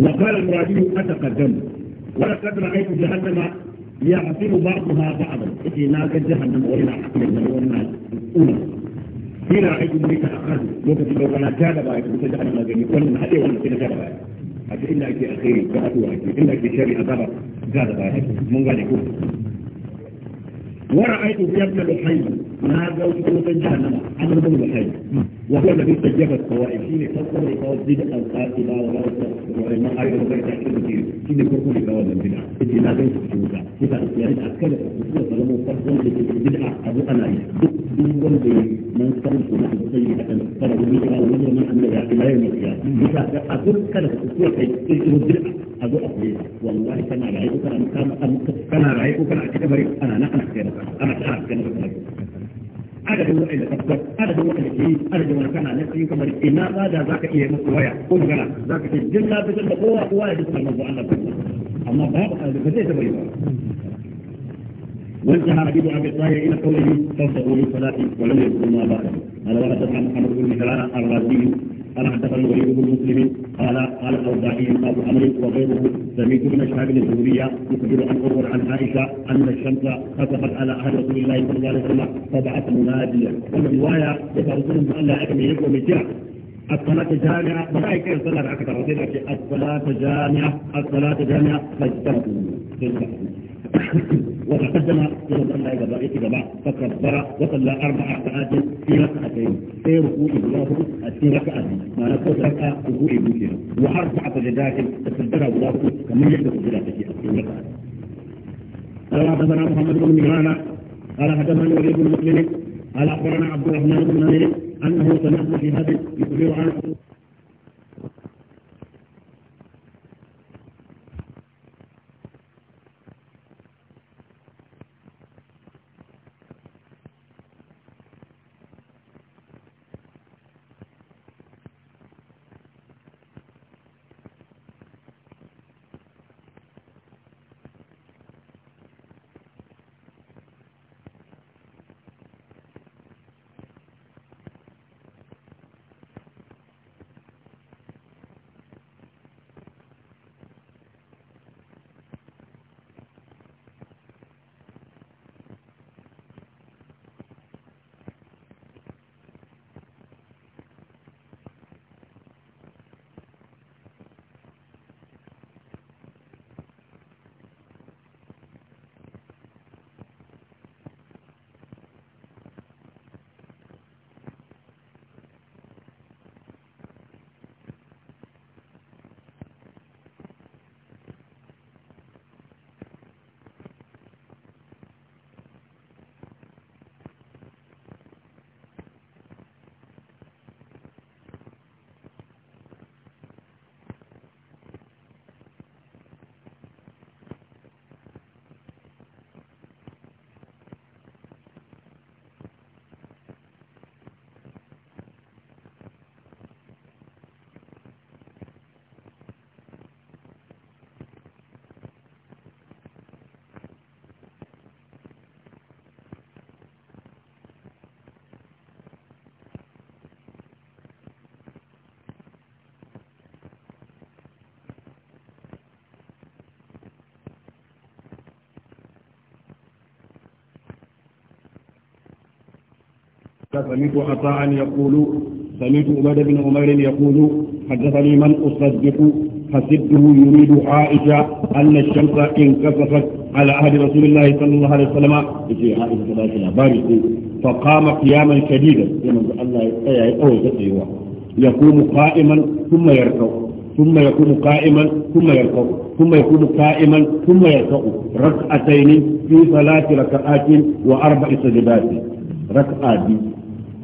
وقال المرادي أتقدم ولقد رأيت جهنم ya mu ba ku hasibu a ba'dan yace na ga jahannam wa ina da wannan umma kira aiki mai ta akan lokacin da kana ta da bai ta da na gani wannan hade wannan na ta da bai a ce inda ake alheri ga addu'a ake inda ake shari'a gaba ga da bai mun gane ko ورأيت الجبل بحي ما زوجت من جهنم أنا من بحي وهو الذي استجاب الطوائفين فصل لتوزيد ورأيت وما أيضا غير تحكيم كثير كيف يكون لتوزيد البدعة إذا لا زوجت الشوكة إذا أسياري أكد الرسول صلى الله عليه وسلم البدعة أبو أنا دول من صرف له سيئة فرد بها ومن من أمر لا يوم القيامة إذا أقول كذا الرسول صلى الله عليه وسلم a zo a koyi wallahi kana rayu ko kana kana rayu ko kana cikin bari ana nan ana cikin ana ana cikin ke wani kana cikin ina ba da zaka iya musu waya ko magana zaka ce jin da kowa kowa ya ji Allah amma babu ba zai taba yi ba وانتهى حديث ابي طاهر الى قوله فابدأوا للصلاة ولم يكن ما بعده قال عن محمد بن هلال الرازي قال حدثنا الوليد بن مسلم قال قال الاوزاعي ابو عمر وغيره سميت من اشهاب الجمهوريه يخبر عن عمر عن عائشه ان الشمس خسفت على عهد رسول الله صلى الله عليه وسلم فبعث مناديا والروايه يسال أن لا الا اكمل يقوم الصلاة جامعة ملائكة الصلاة أكثر الصلاة جامعة الصلاة جامعة فاجتمعوا وتقدم إيه الى صلى جباء جباء فكبر وصلى اربع ركعات في ركعتين في ركوع الله في ركعه ما نقول ركعه ركوع بوكينا واربع سجدات تكبر الله كما في سجداتك في ركعه قال حدثنا محمد بن ميران قال حدثنا وليد بن مسلم قال اخبرنا عبد الرحمن بن نمير انه سمعت في هذا يخبر عنه فسمعت عطاء يقول سمعت عباد بن عمر يقول حدثني من أصدق حسبته يريد عائشة أن الشمس انكسفت على عهد رسول الله صلى الله عليه وسلم يجي عائشة صلى الله عليه فقام قياما شديدا الله يقوم قائما ثم يركع ثم يكون قائما ثم يركع ثم يكون قائما ثم يركع ركعتين في ثلاث ركعات واربع سجدات ركعة دي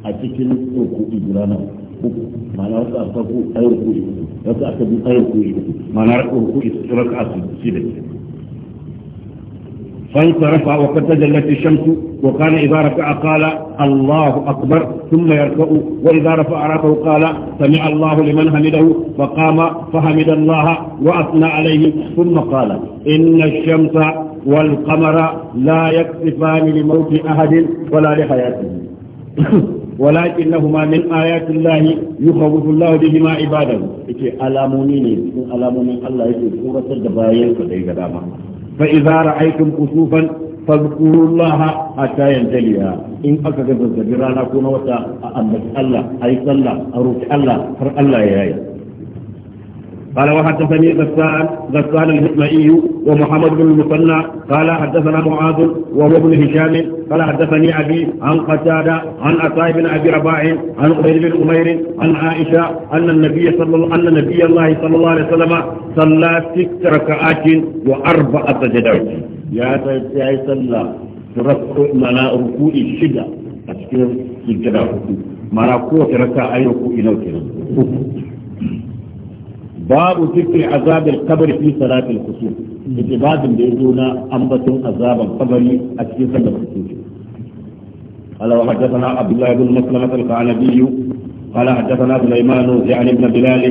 a cikin ruku'i guda nan uku ma'ana wasu aka ku ɗaya ruku'i wasu aka bi ɗaya ruku'i uku ma'ana ruku'i raka su shi da shi فانصرف وقد تجلت الشمس وكان إذا ركع قال الله أكبر ثم يركع وإذا رفع رأسه قال سمع الله لمن حمده فقام فحمد الله وأثنى عليه ثم قال إن الشمس والقمر لا يكسفان لموت أحد ولا لحياته ولكنهما من آيات الله يخوف الله بهما عباده يكي ألاموني من ألاموني الله يكي سورة الدبايل كده قداما فإذا رأيتم كسوفا فاذكروا الله حتى ينتليها إن أكدت الزبيران أكون وتا أمت الله أي صلى أروك الله فر الله يا قال وحدثني غسان غسان الهتمائي ومحمد بن المثنى قال حدثنا معاذ وهو ابن هشام قال حدثني ابي عن قتاده عن عطاء بن ابي رباع عن عبيد بن امير عن عائشه ان النبي صلى ان نبي الله صلى الله عليه وسلم صلى ست ركعات واربع سجدات يا سيدي صلى معنى ركوع الشده اشكر سجدات ركوع hudu mara ركعه اي ركوع باب ذكر عذاب القبر في صلاة الخصوم اتباد بيزونا da عذاب القبر في صلاة الخصوم قال وحدثنا عبد الله بن مسلمة القعنبي قال حدثنا سليمان يعني ابن بلال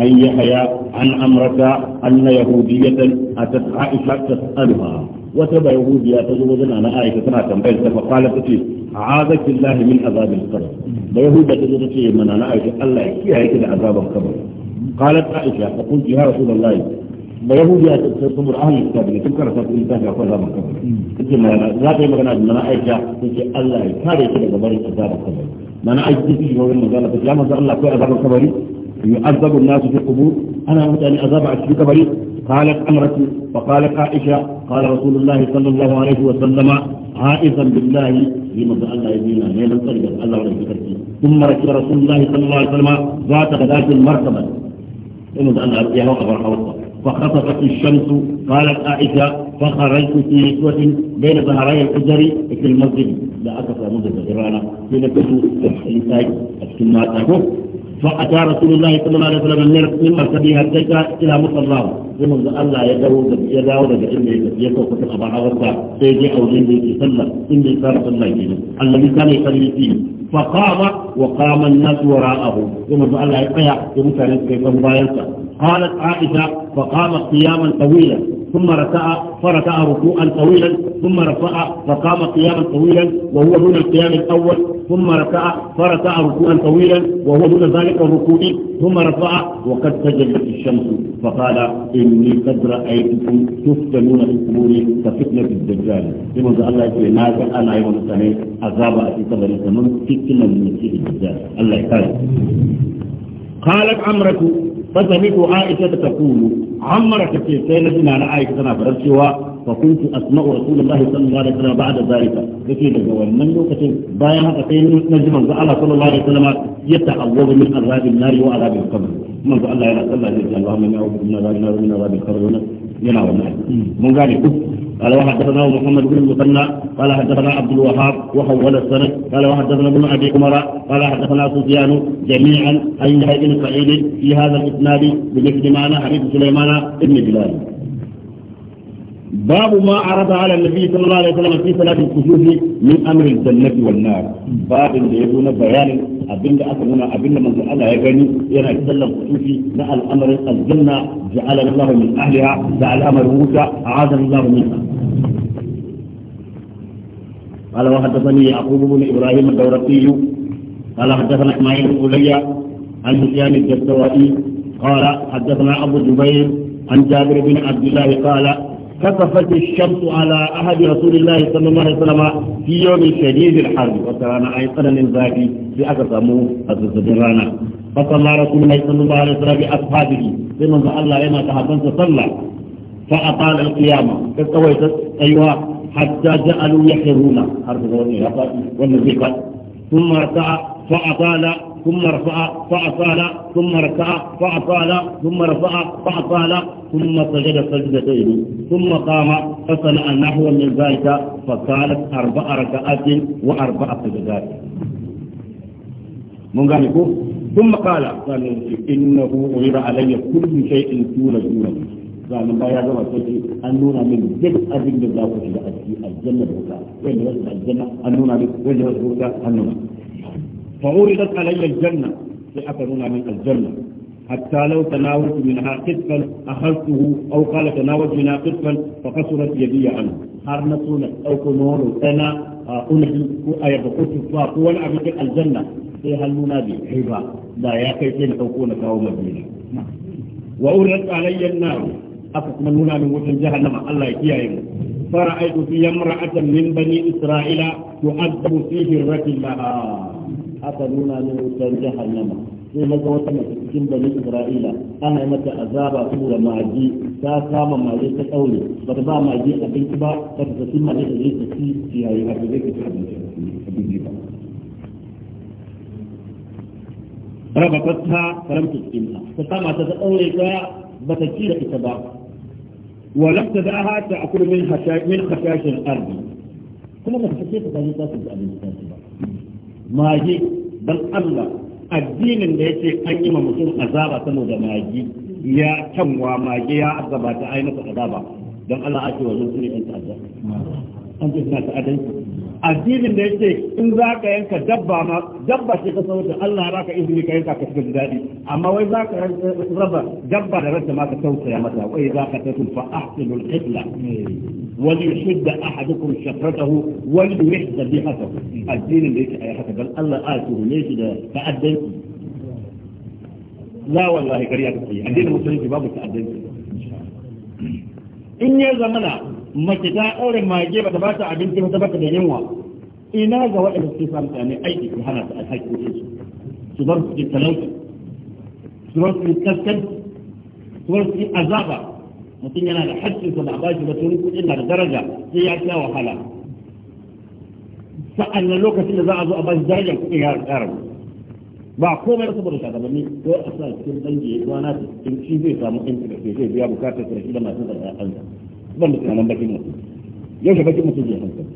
أن يحيى عن أمرك أن يهودية أتت عائشة تسألها وتبع يهودية تزوجنا أنا عائشة تناكم تنبيل فقالت لي عاذك الله من عذاب القبر ويهودية تزوجت من أنا عائشة الله يكيه عذاب القبر قالت عائشة فقلت يا رسول الله ما يبغي تصبر أهل الكتاب لتذكر في الكتاب يقول هذا من قبل إذا ما لا تيم غنى من عائشة إن شاء الله كاره كذا قبل الكتاب قبل ما أنا عايز تيجي يقول من قال بس يا ما الله كذا قبل الكتاب يعذب الناس في القبور أنا أنت أنا أذاب على الكتاب قالت أمرت فقالت عائشة قال رسول الله صلى الله عليه وسلم عائزا بالله لما شاء الله يبينا لمن تلقى الله ولا ثم ركب رسول الله صلى الله عليه وسلم ذات غداة المرتبة ثم أن أرجعه أبر فخطفت الشمس قالت عائشة فخرجت في نسوة بين ظهري الحجر في المسجد لا أكثر منذ الجرانة في نسوة الإنسان السماء فأتى رسول الله صلى الله عليه وسلم من مرتبه الدجا إلى مصلاه ومن الله يدعو يدعو إني يدعوك في أبا والساعة سيجي أو جندي يسلم إني كان الله الله الذي كان يصلي فيه فقام وقام الناس وراءه ومن الله يقيا ومتى كيف مبايعته قالت عائشة فقام قياما طويلا ثم ركع فركع ركوعا طويلا ثم رفع فقام قياما طويلا وهو دون القيام الاول ثم ركع فركع ركوعا طويلا وهو دون ذلك الركوع ثم رفع وقد تجلت الشمس فقال اني قد رايتكم تفتنون في قبور كفتنه الدجال كما قال الله يقول نازل انا ايضا سنه عذاب في قبل الزمن فتنه من الدجال الله يكرمك قالت عمرة فسمعت عائشة تقول كثير في سينة على عائشة أنا فرشوا فكنت أسمع رسول الله صلى الله عليه وسلم بعد ذلك يقول جوال من لوكة بايا هكتين نجم الله صلى الله عليه وسلم يتعوض من عذاب النار وعذاب القبر من الله يلا صلى الله عليه وسلم اللهم من أعوذ من عذاب النار ومن عذاب القبر yana wannan mun gane uku قال وحدثنا محمد بن المثنى قال حدثنا عبد الوهاب وهو وحول السند قال وحدثنا ابن ابي عمر قال حدثنا سفيان جميعا عن بن سعيد في هذا الاسناد بمثل معنى حديث سليمان بن بلال باب ما عرض على النبي صلى الله عليه وسلم في صلاة الكسوف من أمر الجنة والنار باب اللي يقول بيان أبن أكرمنا أبن من الله يغني يرى يتسلم الكسوف مع الأمر الجنة جعل الله من أهلها جعل أمر موسى اعاذ الله منها قال وحدثني يعقوب بن إبراهيم الدورقي قال حدثنا إسماعيل الاولياء عن سفيان الدستوائي قال حدثنا أبو جبير عن جابر بن عبد الله قال كتفت الشمس على أحد رسول الله صلى الله عليه وسلم في يوم شديد الحرب وكان أيقنا من ذاك في أكثر مو أتسدرانا فصلى رسول الله صلى الله عليه وسلم بأصحابه لمن الله لما تحبن صلى فأطال القيامة فاستويت أيها حتى جعلوا يحرون أرض والنزيقات ثم فأطال ثم رفع فأصال ثم ركع فأصال ثم رفع فأصال ثم سجد سجدتين ثم قام فصنع نحو من ذلك فصالت أربع ركعات وأربع سجدات من قالكو ثم قال إنه غير علي كل شيء طول دون قال ما يا أن تجي أنونا من جد أبن الله في الأجي الجنة بوكا وين يجب الجنة أنونا من وين يجب أنونا فعرضت علي الجنة لأكلنا من الجنة حتى لو تناولت منها قطفا أخذته أو قال تناولت منها قطفا فقصرت يدي عنه هارنسونا أو كنون أنا أنهي أي بقوت الصلاة هو الأمر الجنة فيها المنادي حبا لا يا كيفين حكونا كهو مدينة وأرد علي النار أفق من هنا من وجه جهنم الله يكيئهم فرأيت في امرأة من بني إسرائيل تعذب فيه الرجل لها aka nuna min wutar jahannama sai na ga wata mace cikin bani isra'ila ana mata azaba su da magi ta kama magi ta kaure ba ta ba magi abinci ba ba ta tafi magi da zai tafi ciyayi a zai tafi abinci ba rabatatta faramta cikinta ta kama ta ta kaure ta ba ta ci da ita ba ولم تدعها تأكل من خشاش الأرض كل ما تحكيت تجد تأكل من خشاش الأرض magi dan Allah addinin da yake an yi ma mutum azaba saboda magi ya canwa magi ya azaba ta ai masa azaba dan Allah ake wa zuwa ne ta azaba an ji ta addinin da yake in za ka yanka dabba ma dabba ce ka sauta Allah ya raka izini ka yanka ka shiga ji daɗi amma wai za ka raba dabba da rasa ma ka tausaya mata wai za ka tafi fa ahsinul qibla wal yushid ahadukum shafratahu wal yuhda bihatahu addinin da yake ayi haka dan Allah a ne shi da ta'addanci la wallahi kariya ta yi addinin musulunci babu ta'addanci in ya zamana mace ta ɗaure mage ba ta ba ta abinci ba ta baka da yinwa ina ga waɗanda suke sa mutane aiki su hana su alhaki su su bar su ke talauci su bar su ke kaskan su bar su ke azaba mutum yana da haƙƙin sa ba a bashi ba tun kuɗin na da daraja sai ya sha wahala sa'an nan lokacin da za a zo a bashi darajar kuɗin ya ƙara ba komai da saboda shagabanni ko a sa cikin dangi ya kwana cikin shi zai samu ɗin da zai biya bukatar sarki da masu tsarkakan ban da tunanin bakin mutum yau shi bakin mutum ke hankali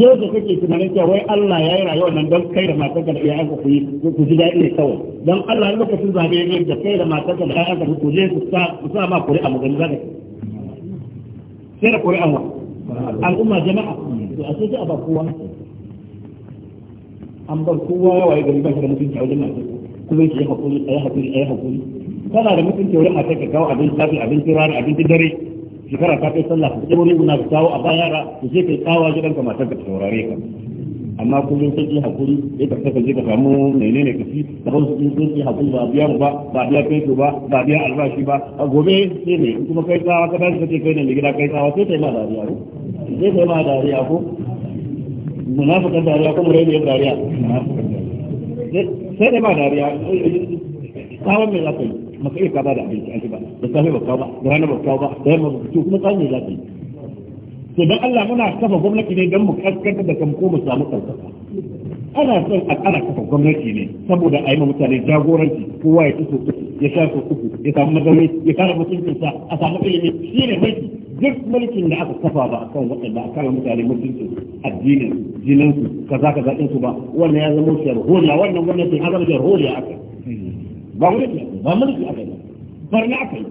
yau da kake tunanin cewa wai Allah ya yi rayuwa nan don kai da matarka da iyayenka ku yi ku ji daɗi ne kawai don Allah lokacin zabe ne da kai da matarka da iyayenka ku je ku sa ku sa ma kuri'a mu gani zaka sai da kuri'a wa al'umma jama'a to a sai a ba kowa an bar kowa ya waye gari ba shi da mutunci a wajen matarka kullum ki yi hakuri ayi hakuri ayi hakuri kana da mutunci wajen matarka kawo abin safi abin rana abin dare shekara ta kai sallah ka tsoro na ka kawo a baya ra ku je kai tsawa gidan ka matar ka taurare ka amma kullum sai ki hakuri sai ka saka ka samu menene ka ci da kansu sun sun ki hakuri ba biya ba ba biya kai ba ba biya albashi ba a gobe sai ne kuma kai tsawa ka tashi kace kai ne mai gida kai tsawa sai kai ma dariya ko sai kai ma dariya ko munafikan dariya ko murayi dariya sai kai ma dariya tsawon me za ka yi maka iya kaba da abinci an ba da safe ba kawo ba da rana ba kawo ba da yamma ba to kuma tsani za ta yi to dan Allah muna kafa gwamnati ne dan mu kaskanta da kan ko mu samu karkata ana son a kafa gwamnati ne saboda a yi mutane jagoranci kowa ya iso ya sha so uku ya samu mazauni ya kara mutuncinsa a samu ilimi shi ne mulki duk mulkin da aka kafa ba a kan waɗanda a kare mutane mutuncin addinin jininsu kaza kaza ɗinsu ba wannan ya zama sharholiya wannan gwamnati ya zama a aka ba mulki ba mulki aka yi barna aka yi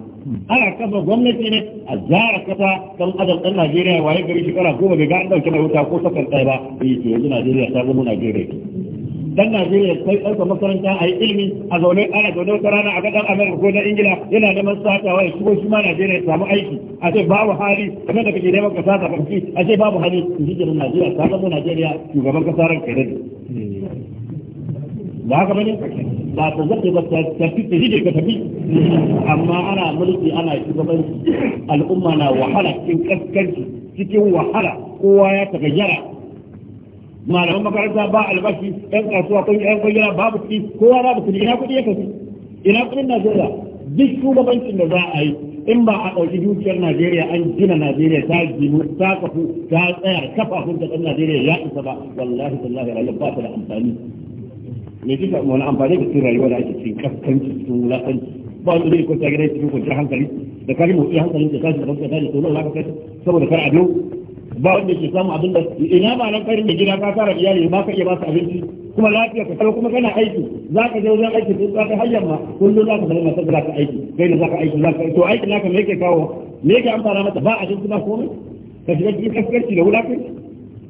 ana kafa gwamnati ne a zara kasa kan adam ɗan Najeriya waye gari shekara goma bai ga an ɗauke mai wuta ko sakan ɗaya ba eh to yanzu Najeriya ta zama Najeriya dan Najeriya sai ɗauka makaranta a yi ilimi a zaune ana zaune wata rana a gaɗan Amurka ko na Ingila yana neman satawa ya shigo shi ma Najeriya samu aiki a ce babu hali kamar da kake neman kasa ta farki a ce babu hali hijirin Najeriya ta zama Najeriya shugaban kasa ran kai da ba haka bane ba ta zaɓe ba ta tafi ta hije ka tafi amma ana mulki ana shugabanci al'umma na wahala cikin kaskanci cikin wahala kowa ya tagayyara malaman makaranta ba albashi yan kasuwa kun yan kwangila babu kuɗi kowa babu kuɗi ina kuɗi ya kasu ina kuɗin najeriya duk shugabancin da za a yi in ba a ɗauki dukiyar Najeriya an gina Najeriya ta ginu ta kafu ta tsaya kafafun ta ɗan Najeriya ya isa ba wallahi tallahi rayuwar ba ta da amfani me kika wani amfani da cikin rayuwa da ake cikin kaskanci cikin wulakanci ba wani zai kwanta gidan cikin kwanciyar hankali da kari motsi hankalin da tashi da kanka tashi to nan kai saboda kar a biyo ba wanda ke samu abin da ina ma nan karin da gida ka fara iyali ba ka iya ba su abinci kuma lafiya ka kuma kana aiki za ka je wajen aiki tun ka hayyan ma kullum za ka zama masa za ka aiki kai da za ka aiki za ka to aiki naka me yake kawo me yake amfana mata ba abinci ba komai ka shiga cikin kaskarci da wulakanci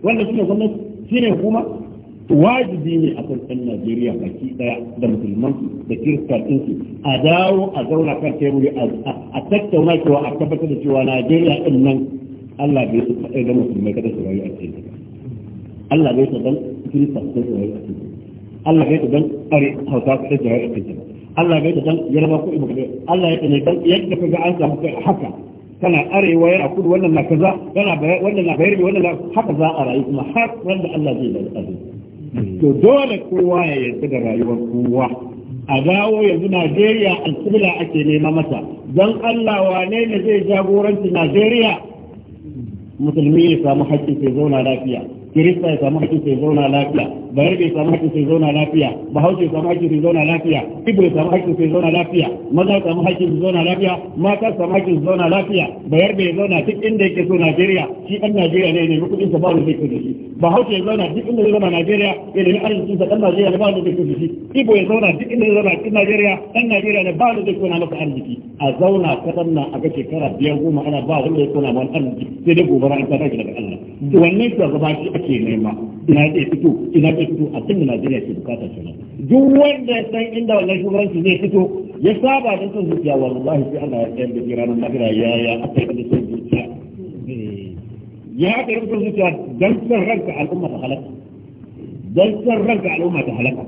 wannan shine gwamnati shine hukuma wajibi ne a kan ɗan Najeriya baki ɗaya da musulman da kirista ɗinsu a dawo a zauna kan teburi a tattauna cewa a tabbatar da cewa Najeriya ɗin nan Allah bai su kaɗai da musulmai kada su rayu a cikin Allah bai su dan kirista kaɗai su rayu a cikin Allah bai su dan are hausa kaɗai su rayu a cikin Allah bai su dan yarba ko ibu Allah ya tsane dan yadda ka ga an samu haka kana arewa yana kudu wannan na kaza yana wannan na bayar wannan na haka za a rayu kuma har wanda Allah zai da azumi to dole kowa ya yarda da rayuwar kowa a dawo yanzu Najeriya alƙibla ake nema mata don Allah wane ne zai jagoranci Najeriya musulmi ya samu haƙƙi sai zauna lafiya kirista ya samu haƙƙin sai zauna lafiya bayar bai samu haƙƙin sai zauna lafiya bahaushe ya samu haƙƙin sai zauna lafiya ibo ya samu haƙƙin sai zauna lafiya maza ya samu haƙƙin sai zauna lafiya mata samu haƙƙin sai zauna lafiya bayar bai zauna duk inda yake so Najeriya shi ɗan Najeriya ne ne kuɗin sa ba wanda zai kudu shi bahaushe ya zauna duk inda ya zauna Najeriya ya nemi arzikin sa ɗan Najeriya ne ba wanda zai kudu shi ibo ya zauna duk inda ya zauna cikin Najeriya ɗan Najeriya ne ba wanda zai kona masa arziki a zauna kaɗan na a ga shekara biyar goma ana ba wanda ya kona wani arziki sai dai gobara an ta daga Allah wannan shugaba shi ake nema ina ke fito ina ke fito a cikin Najeriya ke bukata shi duk wanda ya san inda wannan shugabanci zai fito ya saba da son zuciya wallahi sai Allah ya tsayar da shi ranar lahira ya ya a yi da son zuciya ya aka yi da son zuciya dan san ranka al'umma ta halaka dan san ranka al'umma ta halaka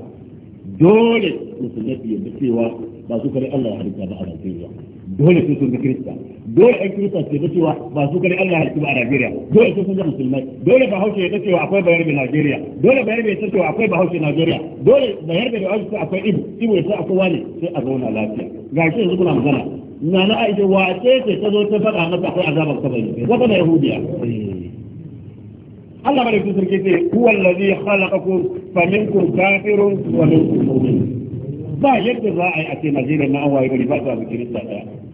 dole musulmi ya bi cewa ba su kare Allah ya halitta ba a Najeriya dole sai sun ga kirista dole ɗan kirista ke da cewa ba su kare Allah halittu ba a Najeriya dole sai sun ga musulmai dole ba haushe ya cewa akwai bayar da Najeriya dole bayar da cewa akwai ba bahaushe Najeriya dole bayar da haushe akwai ibu ibu ya akwai wani sai a zauna lafiya ga shi yanzu kuna magana na na aiki wace ce ta zo ta faɗa masa akwai azabar kabari wata da yahudiya Allah bari ku sarki ce huwa allazi khalaqakum faminkum kafirun wa minkum mu'min ba yadda za a yi a ce Najeriya na an waye gari ba ta kirista ɗaya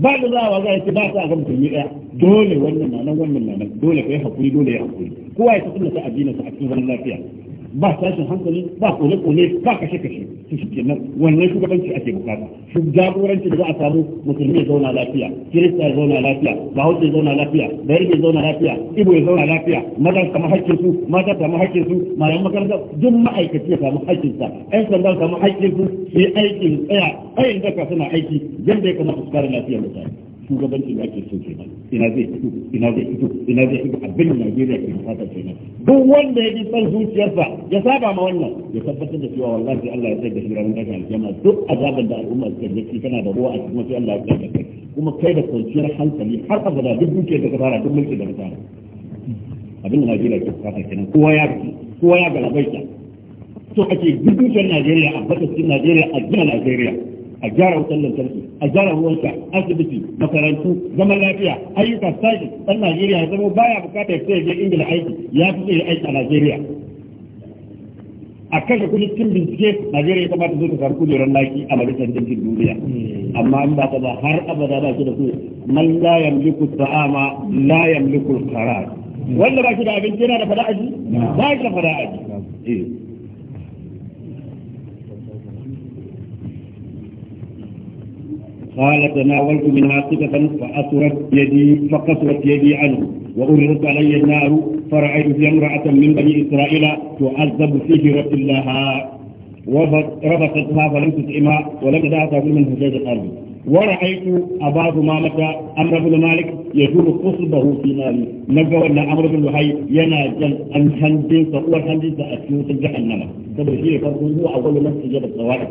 ba da za a waza yake ba sa ga yi ɗaya dole wannan na nan wannan na nan dole yi haƙuri dole ya haƙuri kowa ya tafi da addinin sa a cikin zaman lafiya ba tashin hankali ba kone-kone ba kashe-kashe su shi kenan wannan shugabanci ake bukata shugabanci da za a samu musulmi ya zauna lafiya kirista ya zauna lafiya bahaushe ya zauna lafiya bayarbe ya zauna lafiya ibo ya zauna lafiya maza su samu su mata samu hakkin su mayan makaranta duk ma'aikaci ya samu hakkin sa ƴan sanda samu hakkin su su yi aikin tsaya ayin daka suna aiki yadda ya kamata su kare lafiyar mutane shugabanci da ake so kenan ina zai fito ina zai fito ina zai fito abin da Najeriya ke fata kenan duk wanda ya ji san zuciyarsa ya saba ma wannan ya tabbatar da cewa wallahi Allah ya tsaya da shirarin daga aljanna duk azaban da al'umma suka ji kana da ruwa a cikin sai Allah ya tsaya da kai kuma kai da kwanciyar hankali har abada duk dukiyar da ka fara duk mulki da ka fara abin da Najeriya ke fata kenan kowa ya kowa ya galabaita to ake duk dukiyar Najeriya a bata cikin Najeriya a jihar Najeriya a gyara wutar lantarki a gyara ruwanka asibiti makarantu zaman lafiya ayyuka sashi dan najeriya ya zama baya bukatar sai je ingila aiki ya fi sai aiki a najeriya a kashe kudi cikin bincike najeriya ya kamata zai ta samu kujerar laki a majalisar ɗinkin duniya amma an ba ta ba har abada ba shi da su man la yamliku ta'ama la yamliku qarar wanda ba shi da abinci yana da fada'aji ba shi da fada'aji قال تناولت من عاصفة فأسرت يدي فقصرت يدي عنه وأرهت علي النار فرأيت في امرأة من بني إسرائيل تعذب في جرة الله ربطتها فلم تطعمها ولم تدعها تأكل من حجاج الأرض ورأيت أبا ضمامة أمر بن مالك يجول قصبه في ناري نجا أن أمر بن لحي يناجل أن هندين فهو هندين فأسيوط جهنم تبر شيء هو أول من سجد الصوارف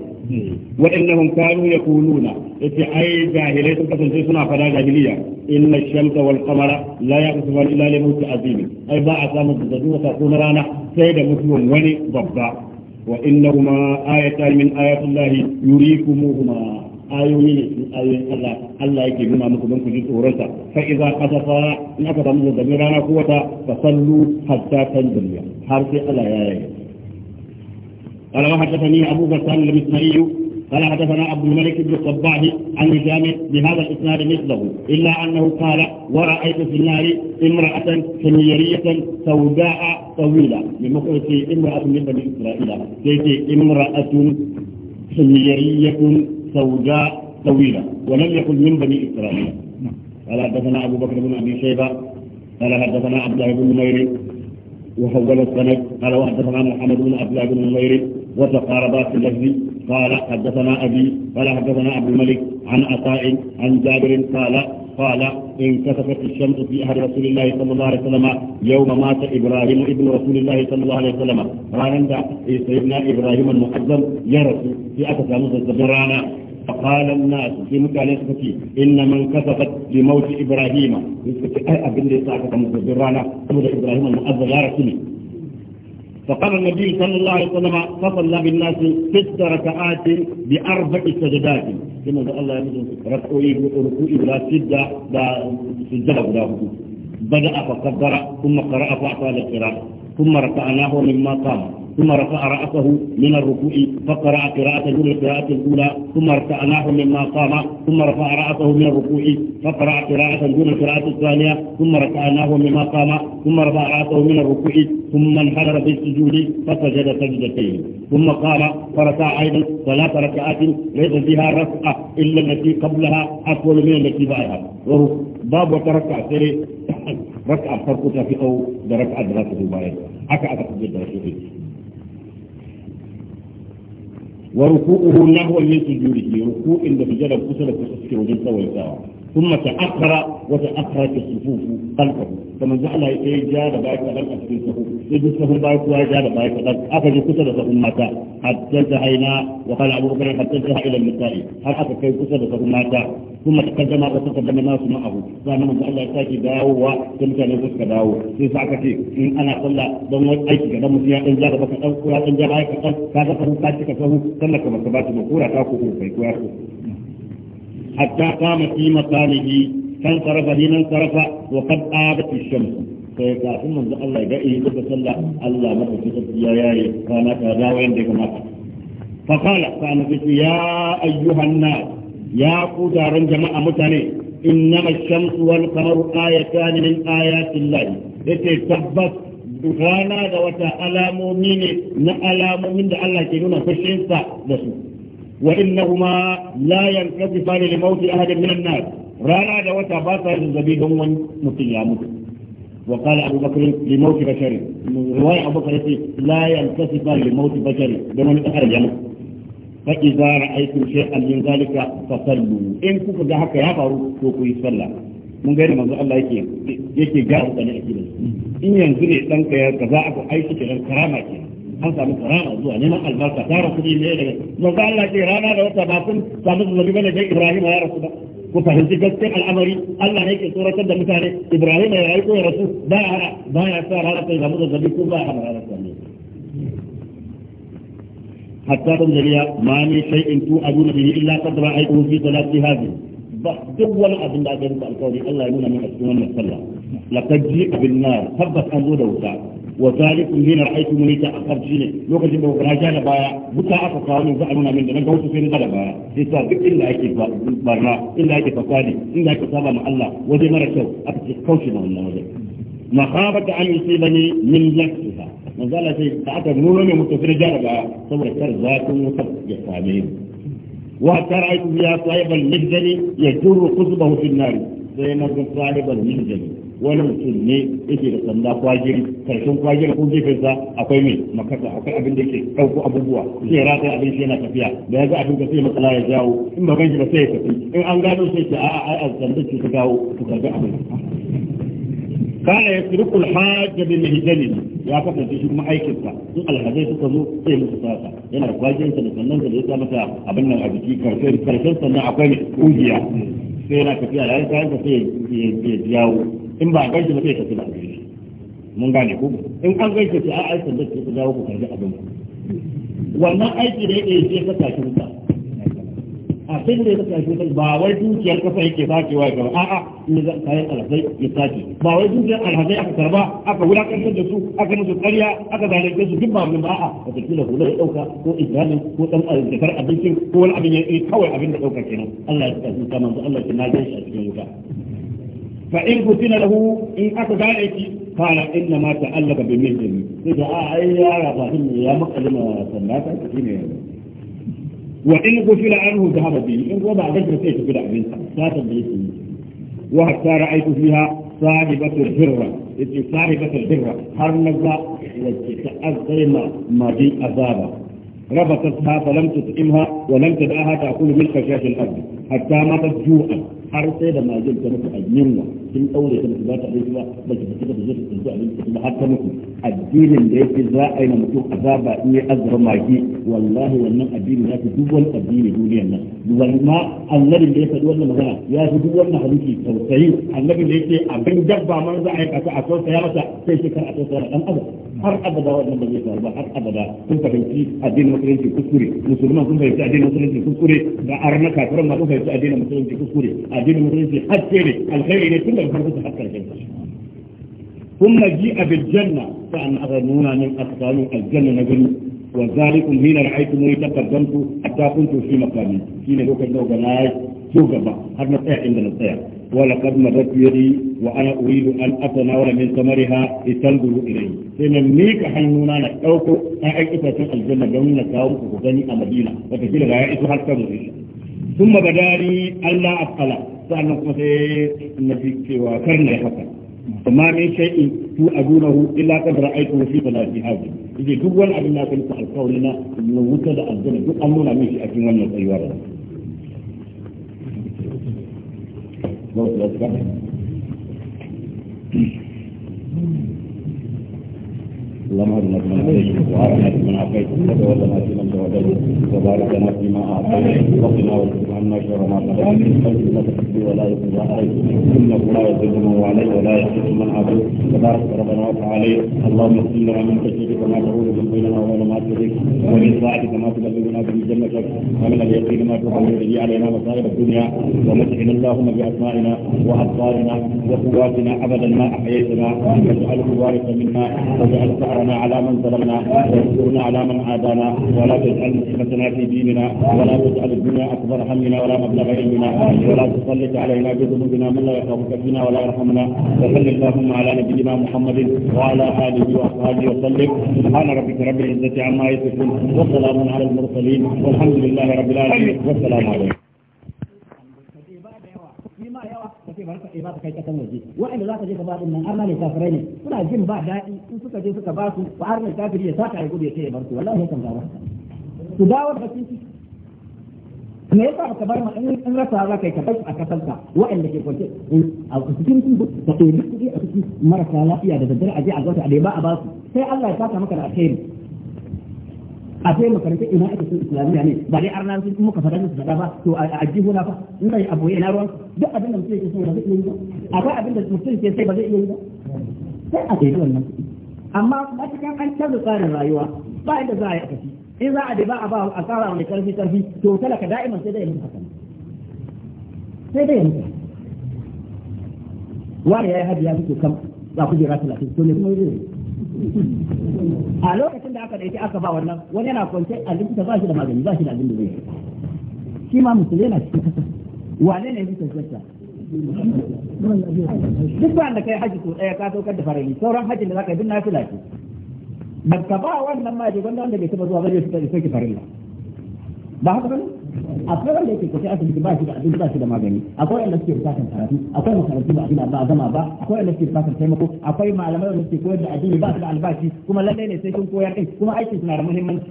وإنهم كانوا يقولون في أي جاهلية تكون سنة فلا جاهلية إن الشمس والقمر لا يقصفان إلا لموت عظيم أي باع سامة الزدوة تكون رانا سيد مسلم وني ضبا وإنهما آيتان من آيات الله يريكموهما ayoyi ne cikin ayoyin Allah Allah yake nuna muku don ku ji tsoronsa fa idza qasafa in aka samu zazzabin rana ko wata fa sallu hatta kan dunya har sai Allah ya yi قال وحدثني أبو قال حدثنا عبد الملك بن الصباح عن هشام بهذا الاسناد مثله الا انه قال ورايت في النار امراه حميريه سوداء طويله بمقلة امراه من بني اسرائيل سيتي امراه حميريه سوداء طويلة ولم يكن من بني إسرائيل قال حدثنا أبو بكر بن أبي شيبة قال حدثنا عبد الله بن نمير وحول السند قال وحدثنا محمد بن عبد الله بن نمير وتقاربات في اللفظ قال حدثنا أبي قال حدثنا عبد الملك عن عطاء عن جابر قال قال انكسفت الشمس في أهل رسول الله صلى الله عليه وسلم يوم مات إبراهيم ابن رسول الله صلى الله عليه وسلم عند سيدنا إبراهيم المقدم رسول في أكثر من رانا فقال الناس في مكان إن من كسفت بموت إبراهيم يسكتي أي أبن لي صاحبك مصدرانا إبراهيم المقدم يا رسول فقال النبي صلى الله عليه وسلم فصلى بالناس ست ركعات بأربع سجدات كما قال الله يقول ركوعي ركوعي بلا سجدة لا سجدة بدأ فقدر ثم قرأ فأعطى للقراءة ثم ركعناه مما قام ثم رفع رأسه من الركوع فقرأ قراءة دون القراءة الأولى ثم رفعناه مما قام ثم رفع رأسه من الركوع فقرأ قراءة دون القراءة الثانية ثم رفعناه مما قام ثم رفع رأسه من الركوع ثم انحدر في السجود فسجد سجدتين ثم قام فركع أيضا ثلاث ركعات ليس فيها ركعة إلا التي قبلها أطول من التي بعدها باب وتركع سري ركعة فرقتها في أو دركعة دراسة بعدها حكى أتخذ دراسة wa ruku'uhu nahwa min sujudihi ruku'in da bijada kusa da kusa suke wajen tsawaitawa ثم تأخر وتأخرت الصفوف خلفه فمن إيه جاد بايك غلق في الصفوف يجلس له بايك واجاد بايك غلق أخذ كسر صفوف حتى انتهينا وقال أبو بكر حتى انتهى إلى النساء هل أخرج كي كسر صفوف ثم تقدم وتقدم الناس معه فأنا من زعل يتاكي داو وتمتع نفسك داو في ساعة كثير إن أنا صلى دون أيك دم فيها إن جاد بك أو كلا إن جاد بايك غلق كذا فهو كاتك فهو سلك مكبات مكورة تاكو كوكي كوكي hatta kama fi makanihi kan sarafa hinan sarafa wa qad abat ash-shams sai kafin manzo Allah ga yi da sallah Allah maka shi ya yayi kana ta da wanda kuma fa qala kana fi ya ayyuhan ya ku taron jama'a mutane innama ash-shamsu wal qamaru ayatan min ayati Allah yace tabbas rana da wata alamomi ne na alamomin da Allah ke nuna fushinsa da su وإنهما لا ينكسفان لموت أحد من الناس رانا دا وتا باسا يزبي دون وان متيامت وقال أبو بكر لموت بشر رواية أبو بكر لا ينكسفان لموت بشر دون أحد يموت فإذا رأيتم شيئا من ذلك فصلوا إن كنت دا حكا يفعلوا فوقوا يصلى mun ga manzo Allah yake yake ga mutane a gidan in yanzu ne dan ka ya kaza aku aiki kenan karama kenan an samu karama zuwa neman albarka tara kuɗi ne daga manzo Allah ce rana da wata ba kun samu zunubi bane dai Ibrahim ya rasu ba ku fahimci gaskiyar al'amari Allah ne ke tsoratar da mutane Ibrahim ya yi ko ya rasu ba ya ba ya sa rana ta samu zunubi ko ba ya hana rana ta حتى تنزل ما من شيء توعدون به الا قد رايته في صلاه هذه دول ابن الله القول الله يمنع من اسلم الصلاه لقد جئت بالنار حبت ان ودوتا وذلك حين رايتموني تاخرت شيء لوكاشن da raja da baya buta aka kawo ne za a nuna min da nan ga wasu sai na da baya sai sa duk inda ake barna inda ake fasadi inda ake saba ma Allah waje mara kyau aka ce kauce ma wannan waje mahabata an yusibani min nafsiha manzo Allah sai da aka nuno ne mutum sai da baya saboda kar zafin wuta ya same ni wa taraitu ya sahibal mijdani yajurru qutbahu fi an-nar sai na ga sahibal mijdani wani mutum ne yake da sanda kwagiri karshen kwagiri ko sa akwai mai makasa akwai abin da ke ɗauko abubuwa zai rata abin shi yana tafiya da ya ga abin da sai matsala ya jawo in ba ganshi ba sai ya tafi in an gano sai ce a'a a sanda ce ta dawo ta karbi abin kana ya turku alhaji bin mihjani ya kasance shi kuma aikin sa in alhazai suka zo sai musu sasa yana da kwajin sa da sannan da ya sa masa abin nan a jiki karshen sannan akwai kungiya sai yana tafiya da yanka yanka sai ya jawo in ba a gaishe ba sai ya tafi da gaishe mun gane ku in an gaishe sai a aikin da ke ku dawo ku karbi abin wannan aiki da yake yi sai ka tashi wuta abin da ya saka shi ba wai dukiyar kasa yake sakewa ga a a ne za kayan alhazai ya sake ba wai dukiyar alhazai aka karba aka wulakantar da su aka musu karya aka da su duk ba mun ba a wata kila hula ya dauka ko islamin ko dan aljafar abincin ko wani abin ya kawai abin da dauka kenan Allah ya saka su kamar Allah ya naje shi a cikin wuta فإن قتل له إن أخذ عليك قال إنما تألق بمثله إذا آه يا رب يا مقلم سناتا كثيرا وإن قتل عنه ذهب به إن وضع ذكر سيك في دعبين ساتا بيسي وحتى رأيت فيها صاحبة الهرة إذن صاحبة الهرة هرنزا وتتأذينا ما دي أذابا ربطتها فلم تطعمها ولم تدعها تأكل من خشاش الأرض حتى ماتت جوعا حرصي لما جلت نفع النموة kin daure ta ba ta abinci ba ba ki fita da zai tsinci abinci ba har ta mutu addinin da yake za a yi ma mutum azaba in ya azaba magi wallahi wannan addini ya fi duk wani addini duniyar nan wanda annabin da ya faɗi wannan magana ya fi duk wannan halitti tausayi annabin da yake abin dabba man za a yi kasa a tausaya masa sai shekar a tausaya dan adam har abada wannan ba zai faru ba har abada kun fahimci addinin musulunci kuskure musulman kun fahimci addinin musulunci kuskure da arna kafiran ma kun fahimci addinin musulunci kuskure addinin musulunci hajje ne alkhairi ne tun كل حتى الجنة ثم جيء بالجنة فأن أغنونا من أقصال الجنة نجل وذلكم رأيت رأيتموني تقدمت حتى كنت في مقامي حين لو كنت أغناي شوكبا هذا نطيع عند نطيع ولقد مرت يدي وأنا أريد أن أتناول من ثمرها لتنظروا إليه سينا ميك حنونا نتوقع أعيك إفتاة الجنة جميلة كاوك وغني أمدينة وتجيل غاية إسوها ثم بدأني ألا أبقى sannan kuma sai na fi cewa kar na yi haka amma min shay'in tu a duna adunahu illa ba na fi salati hadhi duk wani abin na kai ku alƙawari na na wuta da aljanna duk an nuna min shi a cikin wannan tsayuwa da Thank you. اللهم اهدنا فيمن هديت وعافنا فيمن عافيت وتولنا فيمن توليت وبارك لنا فيما اعطيت وقنا واصرف عنا شر ما قضيت انك تقضي ولا يقضى عليك انك لا يضل من واليت ولا يحسد من عافيت تبارك ربنا وتعالى اللهم اغفر لنا من خشيتك ما تقول من بيننا وبين ما تريك ومن طاعتك ما تبلغنا به جنتك ومن اليقين ما تحمل به علينا مصائب الدنيا ومتعنا اللهم باسمائنا وابصارنا وقواتنا ابدا ما احييتنا واجعله وارثا منا واجعل سعرنا وانصرنا على من ظلمنا وانصرنا على من عادانا ولا تجعل مصيبتنا في ديننا ولا تجعل الدنيا اكبر همنا ولا مبلغ علمنا ولا تسلط علينا بذنوبنا من لا يخافك فينا ولا يرحمنا وصل اللهم على نبينا محمد وعلى اله واصحابه وسلم سبحان ربك رب العزه عما يصفون وسلام على المرسلين والحمد لله رب العالمين والسلام عليكم ba ka kai kasan waje wa'anda za ka je ka ba din nan arna ne kafirai ne suna jin ba daɗi in suka je suka ba su wa arna kafiri ya saka ya gudu ya ce ya bar su wallahi kan gaba su dawo da bakin ciki me yasa ka bar ma in rasa za kai ka bar a kasan ka wa'anda ke kwance a cikin sun ka ɗebi kuɗi a cikin marasa lafiya da daddare a je a gauta a ba a ba su sai Allah ya saka maka da alheri A akwai makarantar ina ake son islamiyya ne ba dai arna sun muka fada musu fada ba to a jihu na fa in bai abu ina ruwan duk abin da mutum yake son ba zai iya yi ba akwai abin da mutum yake sai ba zai iya yi ba sai a kai wannan kuɗi. amma ba cikin an canza tsarin rayuwa ba inda za a yi a tafi in za a da ba a ba a tsara wani karfi karfi to talaka da'iman sai dai ya mutu haka sai dai ya mutu wani ya yi hajji ya fito kam za ku jira talatin to ne kuma yi zai a lokacin da aka ɗauki aka ba wannan wani yana kwance a likita ba shi da magani ba shi da abin da zai shi ma musulmi na cikin kasa wane ne bisa zata duk ba da kai haji ko ɗaya ka saukar da farari sauran hajji da zaka yi duk fi lafi ba ka ba wannan ma je wanda bai taba zuwa ba zai fita da sauki farilla ba haka ba ne akwai wanda yake tafi asibiti ba shi da abinci ba shi da magani akwai wanda suke bukatar karatu akwai makarantu ba abin ba gama ba akwai wanda suke bukatar taimako akwai malamai wanda suke koyar da addini ba su da albashi kuma lallai ne sai sun koyar din kuma aikin suna da muhimmanci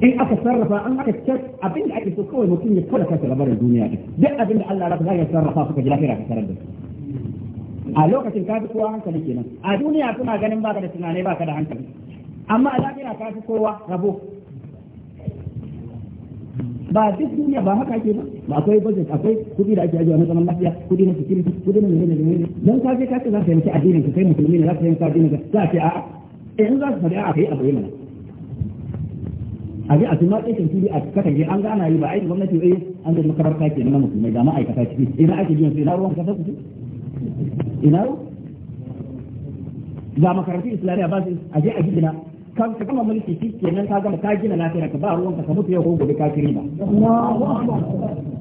in aka sarrafa an aka ce abin da ake so kawai mutum ya kula kansa labarin duniya duk abin da Allah ya zai sarrafa suka ji lafiya ka sarar da a lokacin ka fi kowa hankali kenan a duniya suna ganin ba ka da tunani ka da hankali amma a lahira ka fi kowa rabo ba duk duniya ba haka ake ba ba akwai budget akwai kudi da ake ajiyar na zaman lafiya kudi na security kudi na menene menene don ka je ka ce za ka yanke addinin ka kai musulmi ne za ka yanke addinin ka za ce a'a eh in za su faɗi a'a kai abu yana a ji a ma ɗakin fili a ke an ga yi ba aiki gwamnati eh an ga makaranta ke na musulmai da ma'aikata ciki ina ake biyan su ina ruwan kasa su ina ruwan ga makarantun islamiyya ba su a je a gidina kan ka gama mulki shi kenan ka gama ka gina lafiyar ka ba ruwan ka mutu yau gobe ka kiri ba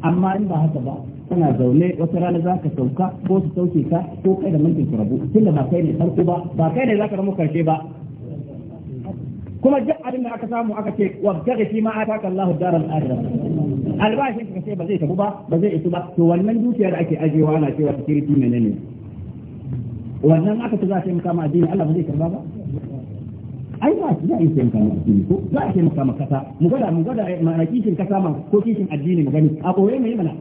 amma in ba haka ba kana zaune wata rana za ka sauka ko su sauke ka ko kai da mulkin ku rabu tunda ba kai ne farko ba ba kai ne za ka ramu karshe ba kuma duk abin da aka samu aka ce wa daga shi ma ataka Allahu daral akhirah albashin ka ce ba zai tabu ba ba zai isu ba to wannan dukiya da ake ajewa ana cewa security menene wannan aka ta za ta yi maka addini Allah ba zai karba ba ai ba za a yi taimaka ma addini ko za a taimaka ma kasa mu gwada mu gwada eh, ma'ana kishin kasa ma ko kishin addini mu gani a koyi mai mana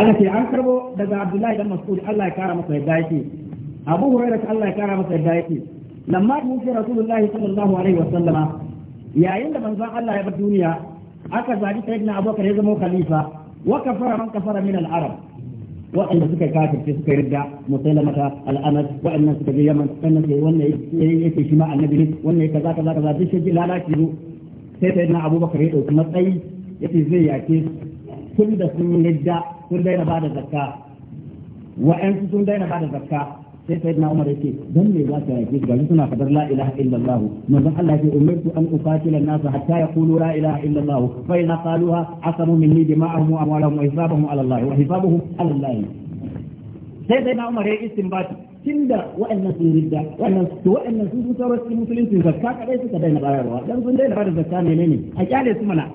ana ce an karbo daga abdullahi dan mas'ud Allah ya kara masa yadda yake abu hurairah Allah ya kara masa yadda yake lamma tuwfi rasulullahi sallallahu alaihi wasallam yayin da manzon Allah ya bar duniya aka zabi sayyidina abubakar ya zama khalifa wa kafara man kafara min al-arab wa inda suka kafir sai suka yarda musailamata wa waɗannan suka je yaman sannan sai wannan yake shi ma annabi ne wannan yake zaka zaka kaza shi ji lalaci zo sai sai na abubakar ya dauki matsayi yace zai yake tun da sun yarda sun daina bada zakka wa'ansu sun daina bada zakka sai sai na umar yake dan me za ka yake gaji suna fadar la ilaha illallah manzon Allah yake umirtu an uqatila an-nas hatta yaqulu la ilaha illallah fa in qaluha asamu minni dima'ahum wa amwalahum wa hisabahum ala Allah wa hisabuhum ala Allah sai sai na umar yake istinbati tunda wa'annan sun ridda wa'annan to wa'annan sun zo tawar cikin musulunci zakka kadai suka daina bayarwa dan sun daina bada zakka menene a kyale su mana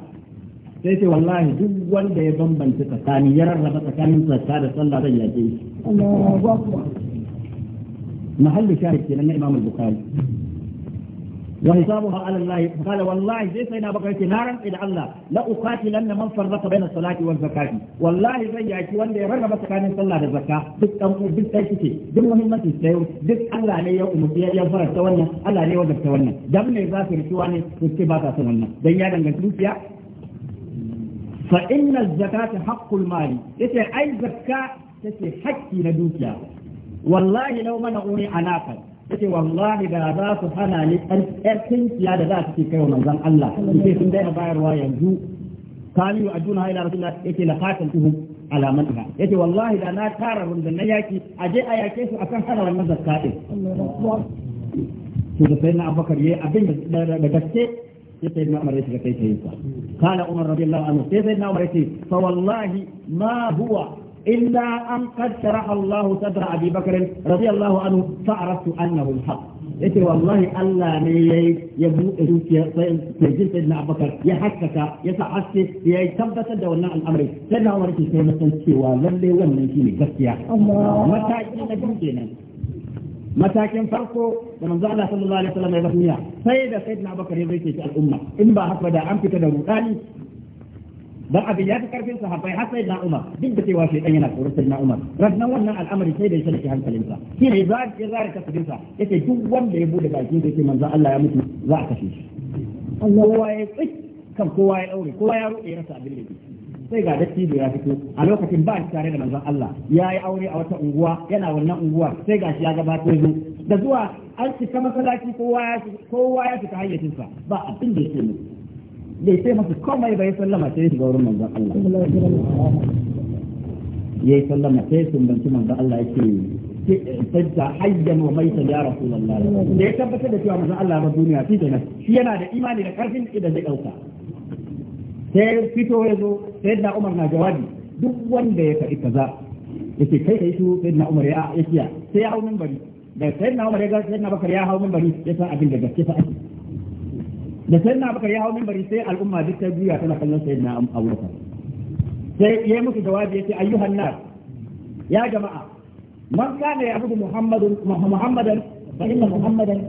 sai ce wallahi duk wanda ya bambanta tsakani ya rarraba tsakanin zakka da sallah zan yake shi Allahu akbar محل شاهد كنا إمام البخاري وحسابها على الله قال والله زي سيدنا بقى نارا إلى الله لا اقاتل ان من فرق بين الصلاة والزكاة والله زي يأتي وان دي رغب سكان صلاة الزكاة دك أمور دك تيكتي دك مهمة تستيو دك الله لي يوم يفرق تولنا الله لي وزك تولنا دمني ذاكر شواني تستباتا تولنا دي يادا نتلوسيا فإن الزكاة حق المال اذا أي زكاة تتي حكي ندوسيا wallahi lau mana yace wallahi da za su hana ni ɗan kinkiya da za su ke kai wa manzon Allah sai sun daina bayarwa yanzu kamiyu ajuna ila rasulullah yace la qataltuhum ala manha yace wallahi da na tara yaki a yake su akan hana wannan zakka din to da sayyidina abubakar yayi abin da gaske sai kai kai sa kana umar radiyallahu anhu sai fa wallahi ma huwa إلا أن قد شرح الله صدر أبي بكر رضي الله عنه فعرفت أنه الحق إيه والله ألا ني يبوء سيجل سيدنا أبو بكر يحكك يسعك يتبت دولنا الأمر سيدنا عمر في سيدنا سيوى للي ومن كيني بسيا متى كنا جنجينا متى كن فرقه لما زعل صلى الله عليه وسلم يبقى سيدة سيدنا أبو بكر يبقى الأمة إن با حفظة أمك تدور dan abin ya fi karfin sahabbai har sai na Umar duk da cewa shi dan yana tsoron sai na Umar rannan wannan al'amari sai da shi hankalinsa shi ne za ki zara ka sa yace duk wanda ya bude bakin ce manzo Allah ya mutu za a kashe shi Allah ya tsik kan kowa ya daure kowa ya rufe rasa abin da sai ga dattijo ya fito a lokacin ba shi tare da manzon Allah ya yi aure a wata unguwa yana wannan unguwa sai ga shi ya gabato zo da zuwa an ta masallaci kowa ya kowa ya fita hayyacinsa ba abin da yake mutu bai sai masu komai bai sallama sai shiga wurin manzon Allah yayi sallama sai sun banci manzon Allah yake sajja hayyan wa maita ya rasulullah da ya tabbatar da cewa manzon Allah ba duniya shi kenan shi yana da imani da karfin idan zai dauka sai fito ya zo sai da Umar na jawabi duk wanda ya faɗi kaza yace kai kai su sai na Umar ya yakiya sai ya hau minbari da sai na Umar ya ga sai na Bakar ya hau minbari ya san abin da gaske fa da sai na baka ya hau mimbari sai al'umma duk ta juya tana kallon sai na abubakar sai ya musu jawabi yace ayyuhan nas ya jama'a man kana ya'budu muhammadun muhammadan fa inna muhammadan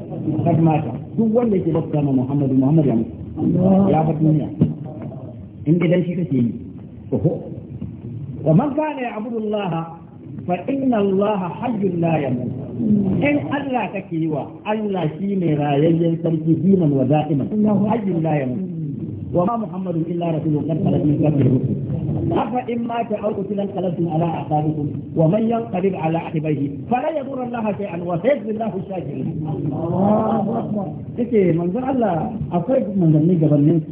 qad mata duk wanda yake bauta ma muhammadu Muhammadu ya mutu ya bar duniya in gidan shi kake yi oho wa man kana ya'budu allah fa inna allaha hayyun la yamut in Allah kake yi wa Allah shi ne rayayyen sarki dinan wa da'iman hayyun la yamut وما محمد الا رسول قد خلت من قبل الرسل افان مات او قتل انقلبتم على اعقابكم ومن ينقلب على عقبيه فلا يضر الله شيئا وسيجزي الله الشاكرين. الله اكبر. إيه، منظر الله اصيب من ذنبي قبل منك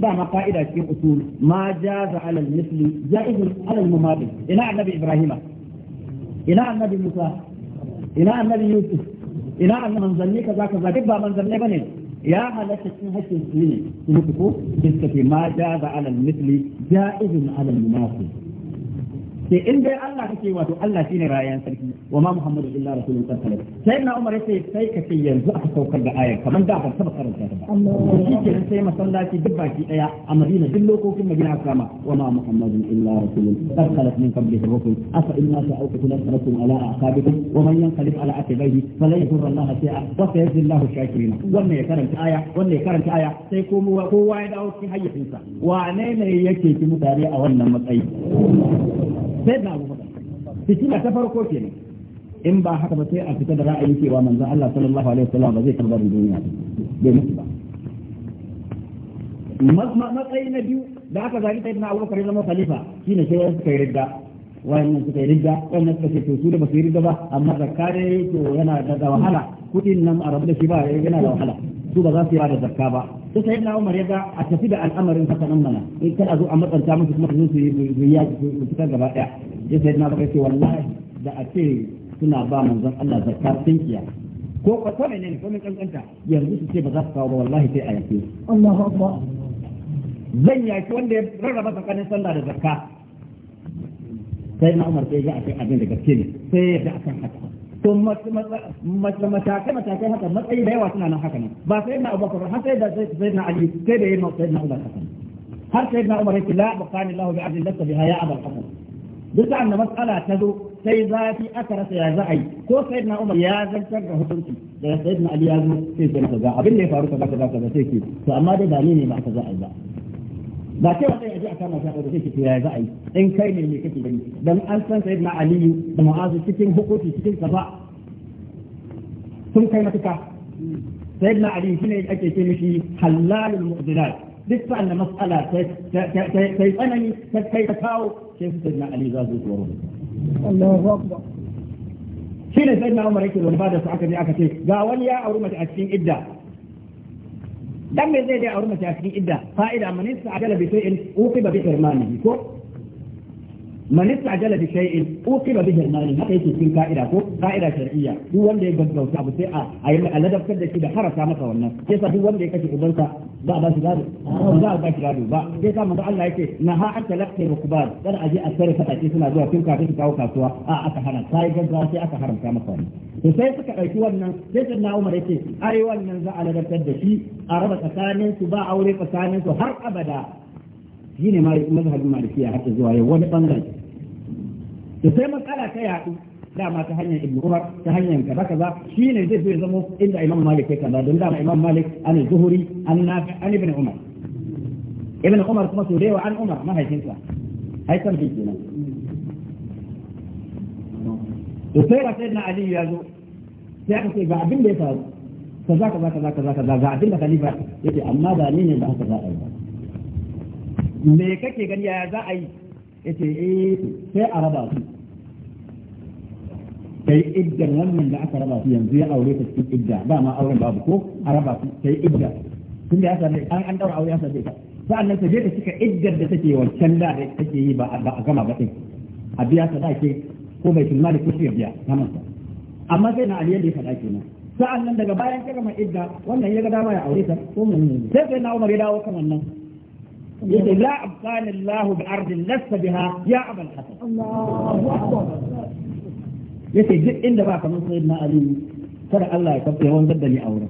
دعنا قائدة في أصول ما جاز على المثل جائز على المماثل إلى النبي إبراهيم إلى النبي موسى ina annabi yusuf ina annabi manzanni kaza kaza duk ba manzanni ne? ya halatta cin hakkin su ne su ko da suka ma ma jaza alal misli izin alal munafi yace in dai Allah kake wato Allah shine rayan sarki wa ma Muhammadu illa rasulun sallallahu sai na Umar yace sai ka ce yanzu aka saukar da ayar kamar da aka taba karanta ta shi ke sai masallaci duk baki daya a Madina duk lokokin Madina aka kama wa ma Muhammadu illa rasulun qad min qablihi rusul afa inna sa'ukum nasrakum ala aqabikum wa man yanqalib ala aqibihi falan yadurra Allah shay'a wa sayajzi Allahu shakirin wannan ya karanta aya wannan ya karanta aya sai kowa kowa ya dawo cikin hayyacinsa wane ne yake ki mutane a wannan matsayi sai na abu faɗa fitina ta farko ke ne in ba haka ba sai a fita da ra'ayi cewa manzon Allah sallallahu alaihi wasallam ba zai da duniya ba bai mutu ba matsayi na biyu da aka zagi ta na abubakar zama khalifa shine sai wasu kai ridda wayannan suka yi ridda wayannan suka ce to su da ba su yi rigga ba amma zakare to yana da wahala kudin nan a rabu da shi ba yana da wahala su ba za su yi da zakka ba to sai na Umar ya ga a tafi da al'amarin haka nan mana in kada zo a matsanta musu kuma su yi yaki su fitar gaba daya ya sai na Umar ce wallahi da a ce suna ba manzon Allah zakka sun kiya ko ko ko ne ko min kankanta yanzu su ce ba za su kawo ba wallahi sai a yake Allahu akbar zan yaki wanda ya rarraba tsakanin sallah da zakka sai na Umar sai ya ga a ce abin da gaske ne sai ya ga akan haka to matakai-matakai haka matsayi da yawa suna nan haka ne ba sai na abubakar har sai da sai na ali sai da yana sai na umar haka har sai na umar yake la bakani lahu bi ajin lasta biha ya abar haka duk sa'an da matsala ta zo sai zafi aka rasa ya za a yi ko sai na umar ya zartar da hukunci da sai na ali ya zo sai sai ga abin da ya faru kaza kaza kaza sai ke to amma dai ba ne ne ba aka za a yi ba ba ce wannan yaji a kama shafa da kake to ya za a yi in kai ne me kake gani dan an san sayyidina aliyu da mu'azu cikin hukunci cikin kaza sun kai matuka sayyidina aliyu shi shine ake ce mishi halalul mu'dilat duk sa'an da mas'ala ta tsanani ta kai ta kawo sai su sayyidina aliyu za su tsoro Allahu akbar shi ne sayyidina umar yake wani ba da su aka je aka ce ga wani ya auri mace a cikin idda dan me zai dai aure mace a cikin idda fa'ida man yasa ajala bi shay'in uqiba bi irmanihi ko man istajala bi shay'in uqiba bihi al-mali haka yake cikin ka'ida ko ka'ida shar'iyya duk wanda ya gaggauta abu sai a ayi aladabtar da shi da harasa masa wannan sai sa duk wanda ya kashe ubansa ba ba shi gado za a ba shi gado ba sai sa manzo Allah yake na ha an talaqi rukban dan aje a sarrafa fatake suna zuwa tun kafin su kawo kasuwa a aka hana sai gaggawa sai aka haramta masa wannan to sai suka dauki wannan sai sanna Umar yake ai wannan za a ladabtar da shi a raba tsakanin su ba aure tsakanin su har abada shine ma mazhabin malikiya har zuwa yau wani bangare to sai matsala ta yaɗu dama ta hanyar ibnu umar ta hanyar ka kaza kaza shine zai zai zama inda imam malik ya kaza don dama imam malik an zuhuri an nafi an ibnu umar ibnu umar kuma so dai wa an umar mahaifinsa ai san bi kenan to sai ra sai na ali ya zo sai aka ce ga abin da ya faru ka ka za za ka za ka za ka ga abin da khalifa yake amma da ni ne ba haka za a yi ba me kake gani ya za a yi yace eh sai a raba su sai iddar wannan da aka raba su yanzu ya aure ta cikin idda ba ma auren babu ko a raba su sai idda tun da ya sami an an daura aure ya sami ta sa'an nan ta je ta cika iddar da take wancan da take yi ba a gama ba din a biya ta dake ko bai tunma da kushi ya biya ta masa amma sai na aliyar da ya faɗa kenan sa'an nan daga bayan ka gama idda wannan ya ga dama ya aure ta ko mun sai sai na Umar ya dawo kan wannan يقول لا أبقان الله بأرض لست بها يا أبا الحسن الله أكبر يقول جئ إن دباك من na علي kada Allah ya kafa yawan da ni aure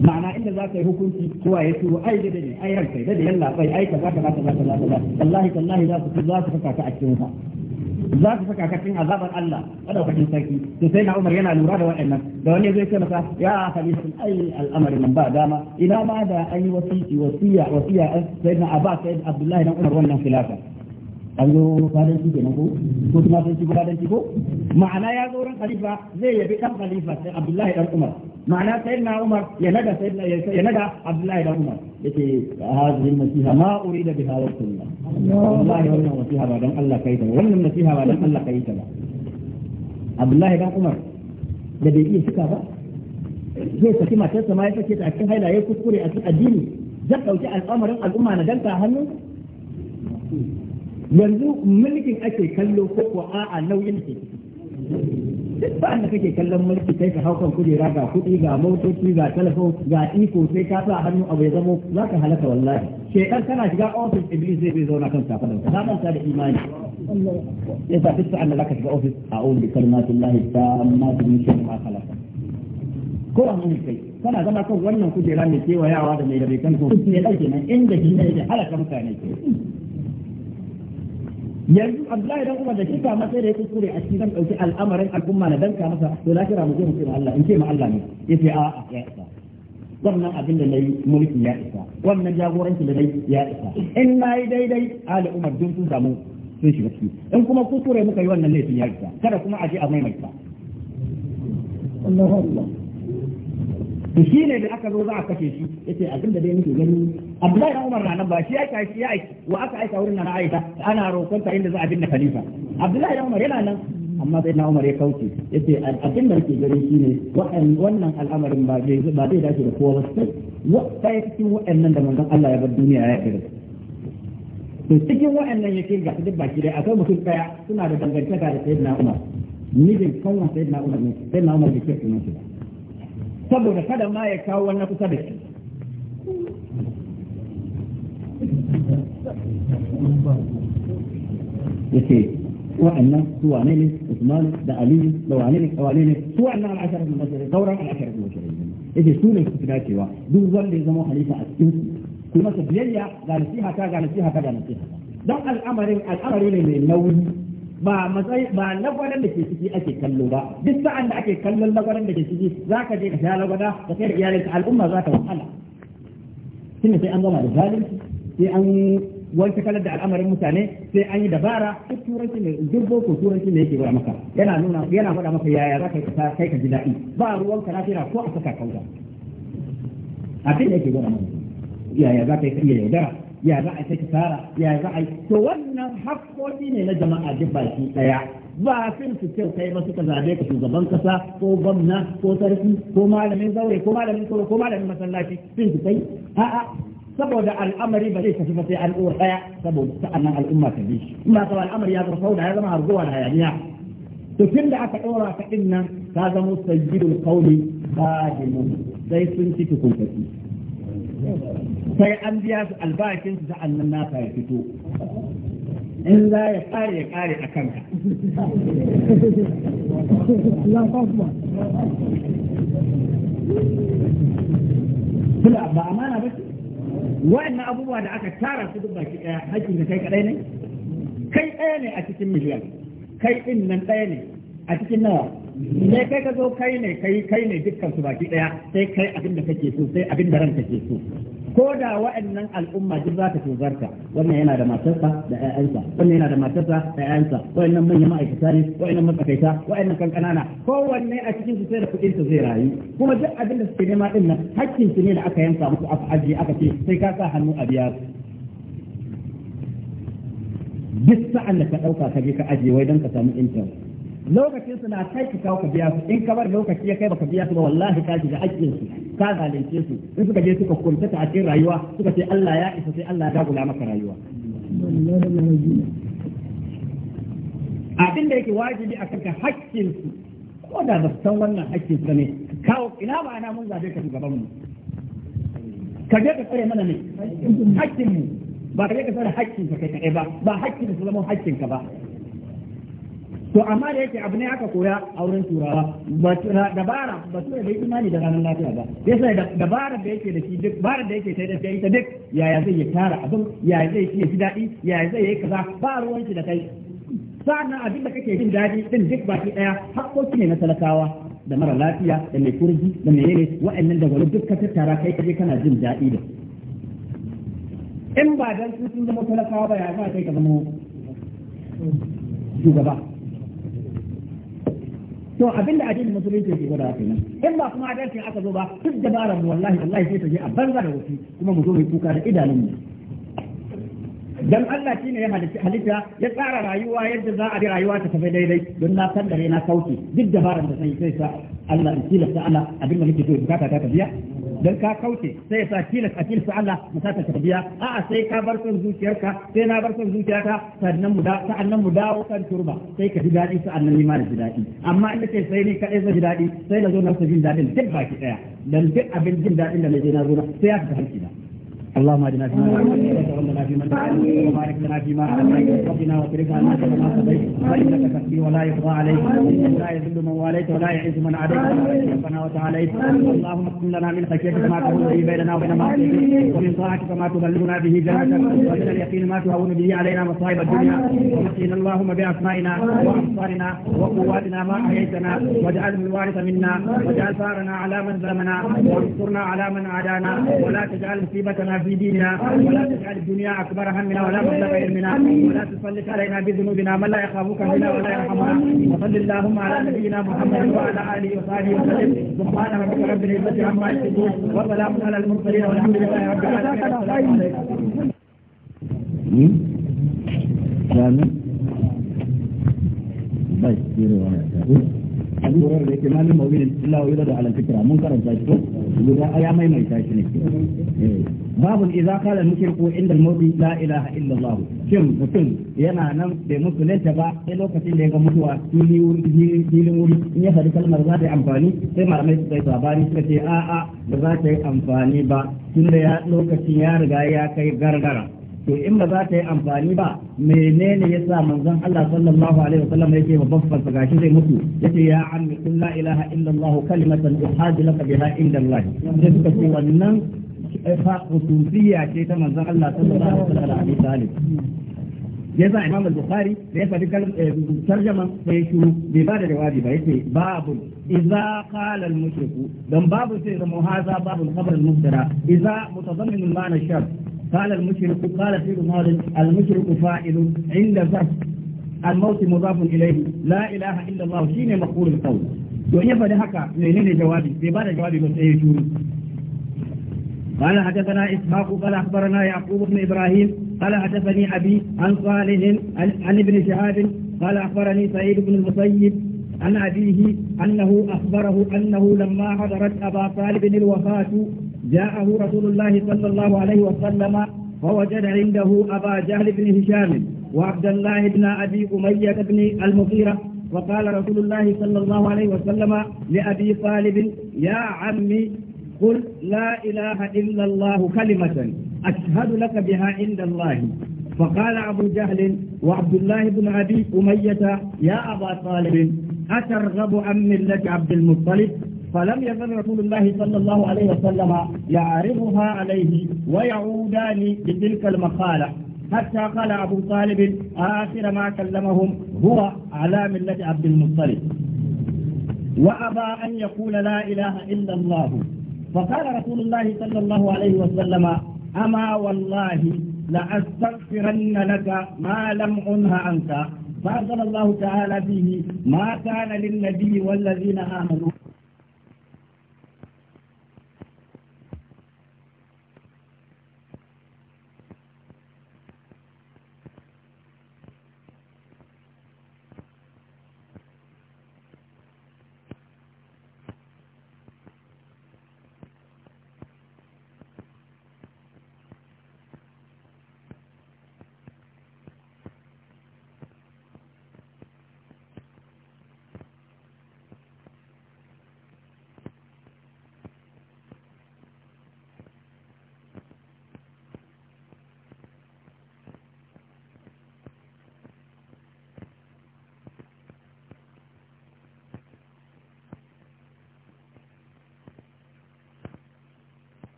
ma'ana inda za ka yi hukunci kowa ya turo ai da ne ai ranka da yalla bai ai kaza kaza kaza kaza wallahi tallahi za su za su ka a cikin za su saka kacin azabar Allah madaukakin sarki to sai na Umar yana lura da waɗannan da wani zai ce masa ya hadisin ai al'amarin nan ba dama ina ma da an yi ya wasiya wasiya sai na Abbas sai Abdullahi dan Umar wannan filafa an zo fadanci kenan ko ko kuma sun ci fadanci ko ma'ana ya zo ran khalifa zai yabi kan khalifa sai Abdullahi dan Umar ma'ana na Umar ya nada sayyidina ya nada Abdullahi dan Umar yace hadhihi nasiha ma urida bi wa sunna wallahi wannan nasiha ba dan Allah kai ta wannan nasiha ba dan Allah kai ta ba Abdullahi dan Umar da bai iya suka ba zai saki matarsa ma ya sake ta a cikin haila ya kuskure a cikin addini zai dauki al'amarin al'umma na danta hannu yanzu mulkin ake kallo ko ko a'a nauyin ke duk ba da kake kallon mulki kai ka haukan kujera ga kuɗi ga motoci ga telefon ga iko sai ka sa hannu abu ya zamo za ka halaka wallahi shekar kana shiga ofis iblis zai zauna kan safadar ka manta da imani ya sa duk sa'an da shiga ofis a own bi kalmatullahi tammatu min sharri ma khalaqa ko a mun kai kana zama kan wannan kujera mai kewayawa da mai da bai kan ko ne dauke nan inda shi ne halaka mutane ke yanzu Abdullahi dan Umar da shi ka da ya kuskure a cikin dauki al'amarin al'umma na danka masa to na mu je mu ce Allah in ce ma Allah ne yace a a ya isa wannan abin da nayi mulki ya isa wannan jagoranci da nayi ya isa in nayi daidai ali Umar dun sun samu sun shiga ciki in kuma kuskure muka yi wannan laifin ya isa kada kuma a je a maimaita Allahu Allah da shi ne da aka zo za a kashe shi ce abin da dai gani Abdullahi dan Umar nan ba shi ya aika shi ya aiki wa aka aika wurin na ra'ayita ana roƙon ta inda za a binne khalifa Abdullahi dan Umar yana nan amma sai na Umar ya kauce ce abin da yake gani ne wannan al'amarin ba zai dace da kowa ba sai sai cikin waɗannan da manzon Allah ya bar duniya ya yarda to cikin waɗannan yake ga duk baki dai akwai mutum daya suna da dangantaka da Sayyidina Umar mijin kanwa Sayyidina Umar ne Sayyidina Umar ke kirkiro shi ba saboda kada ma ya kawo wani kusa da shi yace wa'annan su wane ne Usman da Aliyu da wane ne wane ne su wa'annan al'ashara da mashari sauran al'ashara da mashari yace su ne su fita cewa duk wanda ya zama halitta a cikin su kuma masa biyayya ga nasiha ta ga nasiha ta ga nasiha ta. don al'amarin al'amari ne mai nauyi ba matsayi ba lagwaran da ke ciki ake kallo ba duk sa'an da ake kallon lagwaran da ke ciki ka je ka sha lagwada ka kai da iyalin ka al'umma za ta wahala tunda sai an gama da zalunci sai an wanke kalar da al'amarin mutane sai an yi dabara duk turanci ne duk ko turanci ne yake gwada maka yana nuna yana gwada maka yaya za ka kai ka ji daɗi ba ruwan ka lafiya ko a saka kauda abin da yake gwada maka yaya za ka yi ka iya yaudara ya za a take tsara ya za a to wannan hakkoki ne na jama'a duk baki daya ba fin su kyau kai ba suka zabe ka shugaban kasa ko gwamna ko sarki ko malamin zaure ko malamin koro ko malamin masallaci Fim su kai a'a saboda al'amari ba zai tafi ba sai an ɗaya saboda sa'annan al'umma ta bi in ba al'amari ya zama da ya zama harguwa da hayaniya to tun da aka ɗora ka ɗin nan ka zama sayyidul da qadimun sai sun ci tukunkaki. sai an biya su albashin su nan nasa ya fito in za ya kare ya kare a kanka Kula ba amana ba ce, wa'annan abubuwa da aka tara su duk baki ɗaya hakkin da kai kaɗai ne? Kai ɗaya ne a cikin miliyan, kai ɗin nan ɗaya ne a cikin nawa. Ne kai ka zo kai ne kai kai ne dukkan su baki ɗaya sai kai abin da kake so sai abin da ranka ke so. ko da wa'annan al'umma duk za ta tozarta wannan yana da matarsa da ƴaƴansa wannan yana da matarsa da ƴaƴansa wa'annan manyan ma'aikata ne wa'annan matsakaita wa'annan kan kowanne a cikin su sai da kuɗin su zai rayu kuma duk abin da suke nema din nan hakkin su ne da aka yanka musu aka ajiye aka ce sai ka sa hannu a biya duk sa'an da ka ɗauka ka je ka ajiye wai don ka samu intanet lokacin su na kai ka kawo ka biya su in ka bar lokaci ya kai baka biya su ba wallahi ka shiga haƙƙin su ka zalunce su in suka je suka kuntata a cikin rayuwa suka ce Allah ya isa sai Allah ya dagula maka rayuwa abin da yake wajibi a kanka haƙƙin su ko da ba san wannan haƙƙin su ne kawo ina ma'ana mun zabe ka shugaban mu ka je ka tsare mana ne haƙƙin mu ba ka je ka tsare haƙƙin ka kai kaɗai ba ba haƙƙin su zama hakkin ka ba to amma da yake abu ne aka koya a wurin turawa dabara ba tura bai imani da ranar lafiya ba yasa dabara da yake da shi duk bara da yake sai da ita duk yaya zai yi tara abin yaya zai ya ji daɗi yaya zai yi kaza ba ruwan shi da kai sa'annan abin da kake jin daɗi din duk baki ɗaya hakkoki ne na talakawa da mara lafiya da mai kurji da mai menene wa'annan da wani duk ka tattara kai kaje kana jin daɗi da in ba dan sun zama talakawa ba ya za kai ka zama shugaba to abinda addinin musulunci ke gwada kenan in ba kuma adalci aka zo ba duk dabarar wallahi wallahi sai ta je a banza da wasu kuma mu zo mu kuka da idanun mu dan Allah ne ya halitta ya tsara rayuwa yadda za a bi rayuwa ta tafi daidai don na san dare na sauki duk dabaran da sai sai sa Allah in sa Allah abin da nake so bukata ta tafiya dan ka kauce sai sa tilas kila sa Allah bukata ta tafiya a'a sai ka bar son zuciyarka sai na bar son zuciyata sannan mu da sa'annan mu dawo kan turba sai ka ji dadi sa'annan ni ma da ji dadi amma in kace sai ni kadai zan ji dadi sai na zo na jin dadin duk baki daya dan duk abin jin dadin da na na zo sai ya ka hankali اللهم اهدنا فيما وتولنا فيمن وبارك لنا فيما اعطيت وقنا واصرف ما قضيت فانك تقضي ولا يقضى عليك لا يذل من واليت ولا يعز من عليك ربنا وتعاليت اللهم اقسم لنا من خشيتك ما تحول به بيننا وبين معصيتك ومن طاعتك ما تبلغنا به جنتك ومن اليقين ما تهون به علينا مصائب الدنيا اللهم باسمائنا وابصارنا وقواتنا ما احييتنا واجعل من منا واجعل ثارنا على من ظلمنا وانصرنا على من عادانا ولا تجعل مصيبتنا في في ديننا ولا تجعل الدنيا أكبر همنا ولا مبلغ علمنا ولا تسلط علينا بذنوبنا من لا يخافك منا ولا يرحمنا وصل اللهم على نبينا محمد وعلى آله وصحبه وسلم سبحان ربك رب العزة عما يصفون وسلام على المرسلين والحمد لله رب العالمين السلام You Baik, di ruang abu da yake malin mawuni Allah ya yuradu alal fikra mun karanta shi guda mai mai tashi ne eh. babu idza qala mushriku inda al-maut la ilaha illa Allah shin mutum yana nan da musulunta ba sai lokacin da ya ga mutuwa fili wuri wuri in ya faɗi kalmar za ta yi amfani sai malamai su kai sabani suka ce a'a ba za ta yi amfani ba tunda ya lokacin ya riga ya kai gargara to in ba za ta yi amfani ba menene ya sa manzon Allah sallallahu alaihi wasallam yake ma babban sa gashi zai mutu yace ya ammi kun la ilaha illa Allah kalimatan uhadi laka biha inda Allah sai suka ce wannan eh, fa qutubiyya ce ta manzon Allah sallallahu alaihi wasallam ya sa imam al-bukhari da ya faɗi eh, tarjama sai shuru bai ba da jawabi ba yace babu idza qala al-mushriku dan babu sai da muhaza babu al-khabar al-mubtara idza mutadammin al-ma'na shar قال المشرك قال في مالك المشرك فاعل عند ظرف الموت مضاف إليه لا إله إلا الله شين مقول القول وإن فدي هكا منين جوابي في بعد جوابي بس قال حدثنا إسحاق قال أخبرنا يعقوب بن إبراهيم قال حدثني أبي عن صالح عن ابن شهاب قال أخبرني سعيد بن المسيب عن أبيه أنه أخبره أنه لما حضرت أبا طالب الوفاة جاءه رسول الله صلى الله عليه وسلم فوجد عنده أبا جهل بن هشام وعبد الله بن أبي أمية بن المغيرة وقال رسول الله صلى الله عليه وسلم لأبي طالب يا عمي قل لا إله إلا الله كلمة أشهد لك بها عند الله فقال أبو جهل وعبد الله بن أبي أمية يا أبا طالب أترغب عن ملة عبد المطلب فلم يزل رسول الله صلى الله عليه وسلم يعرضها عليه ويعودان بتلك المقالة حتى قال أبو طالب آخر ما كلمهم هو على ملة عبد المطلب وأبى أن يقول لا إله إلا الله فقال رسول الله صلى الله عليه وسلم أما والله لأستغفرن لك ما لم أنه عنك فأنزل الله تعالى فيه ما كان للنبي والذين آمنوا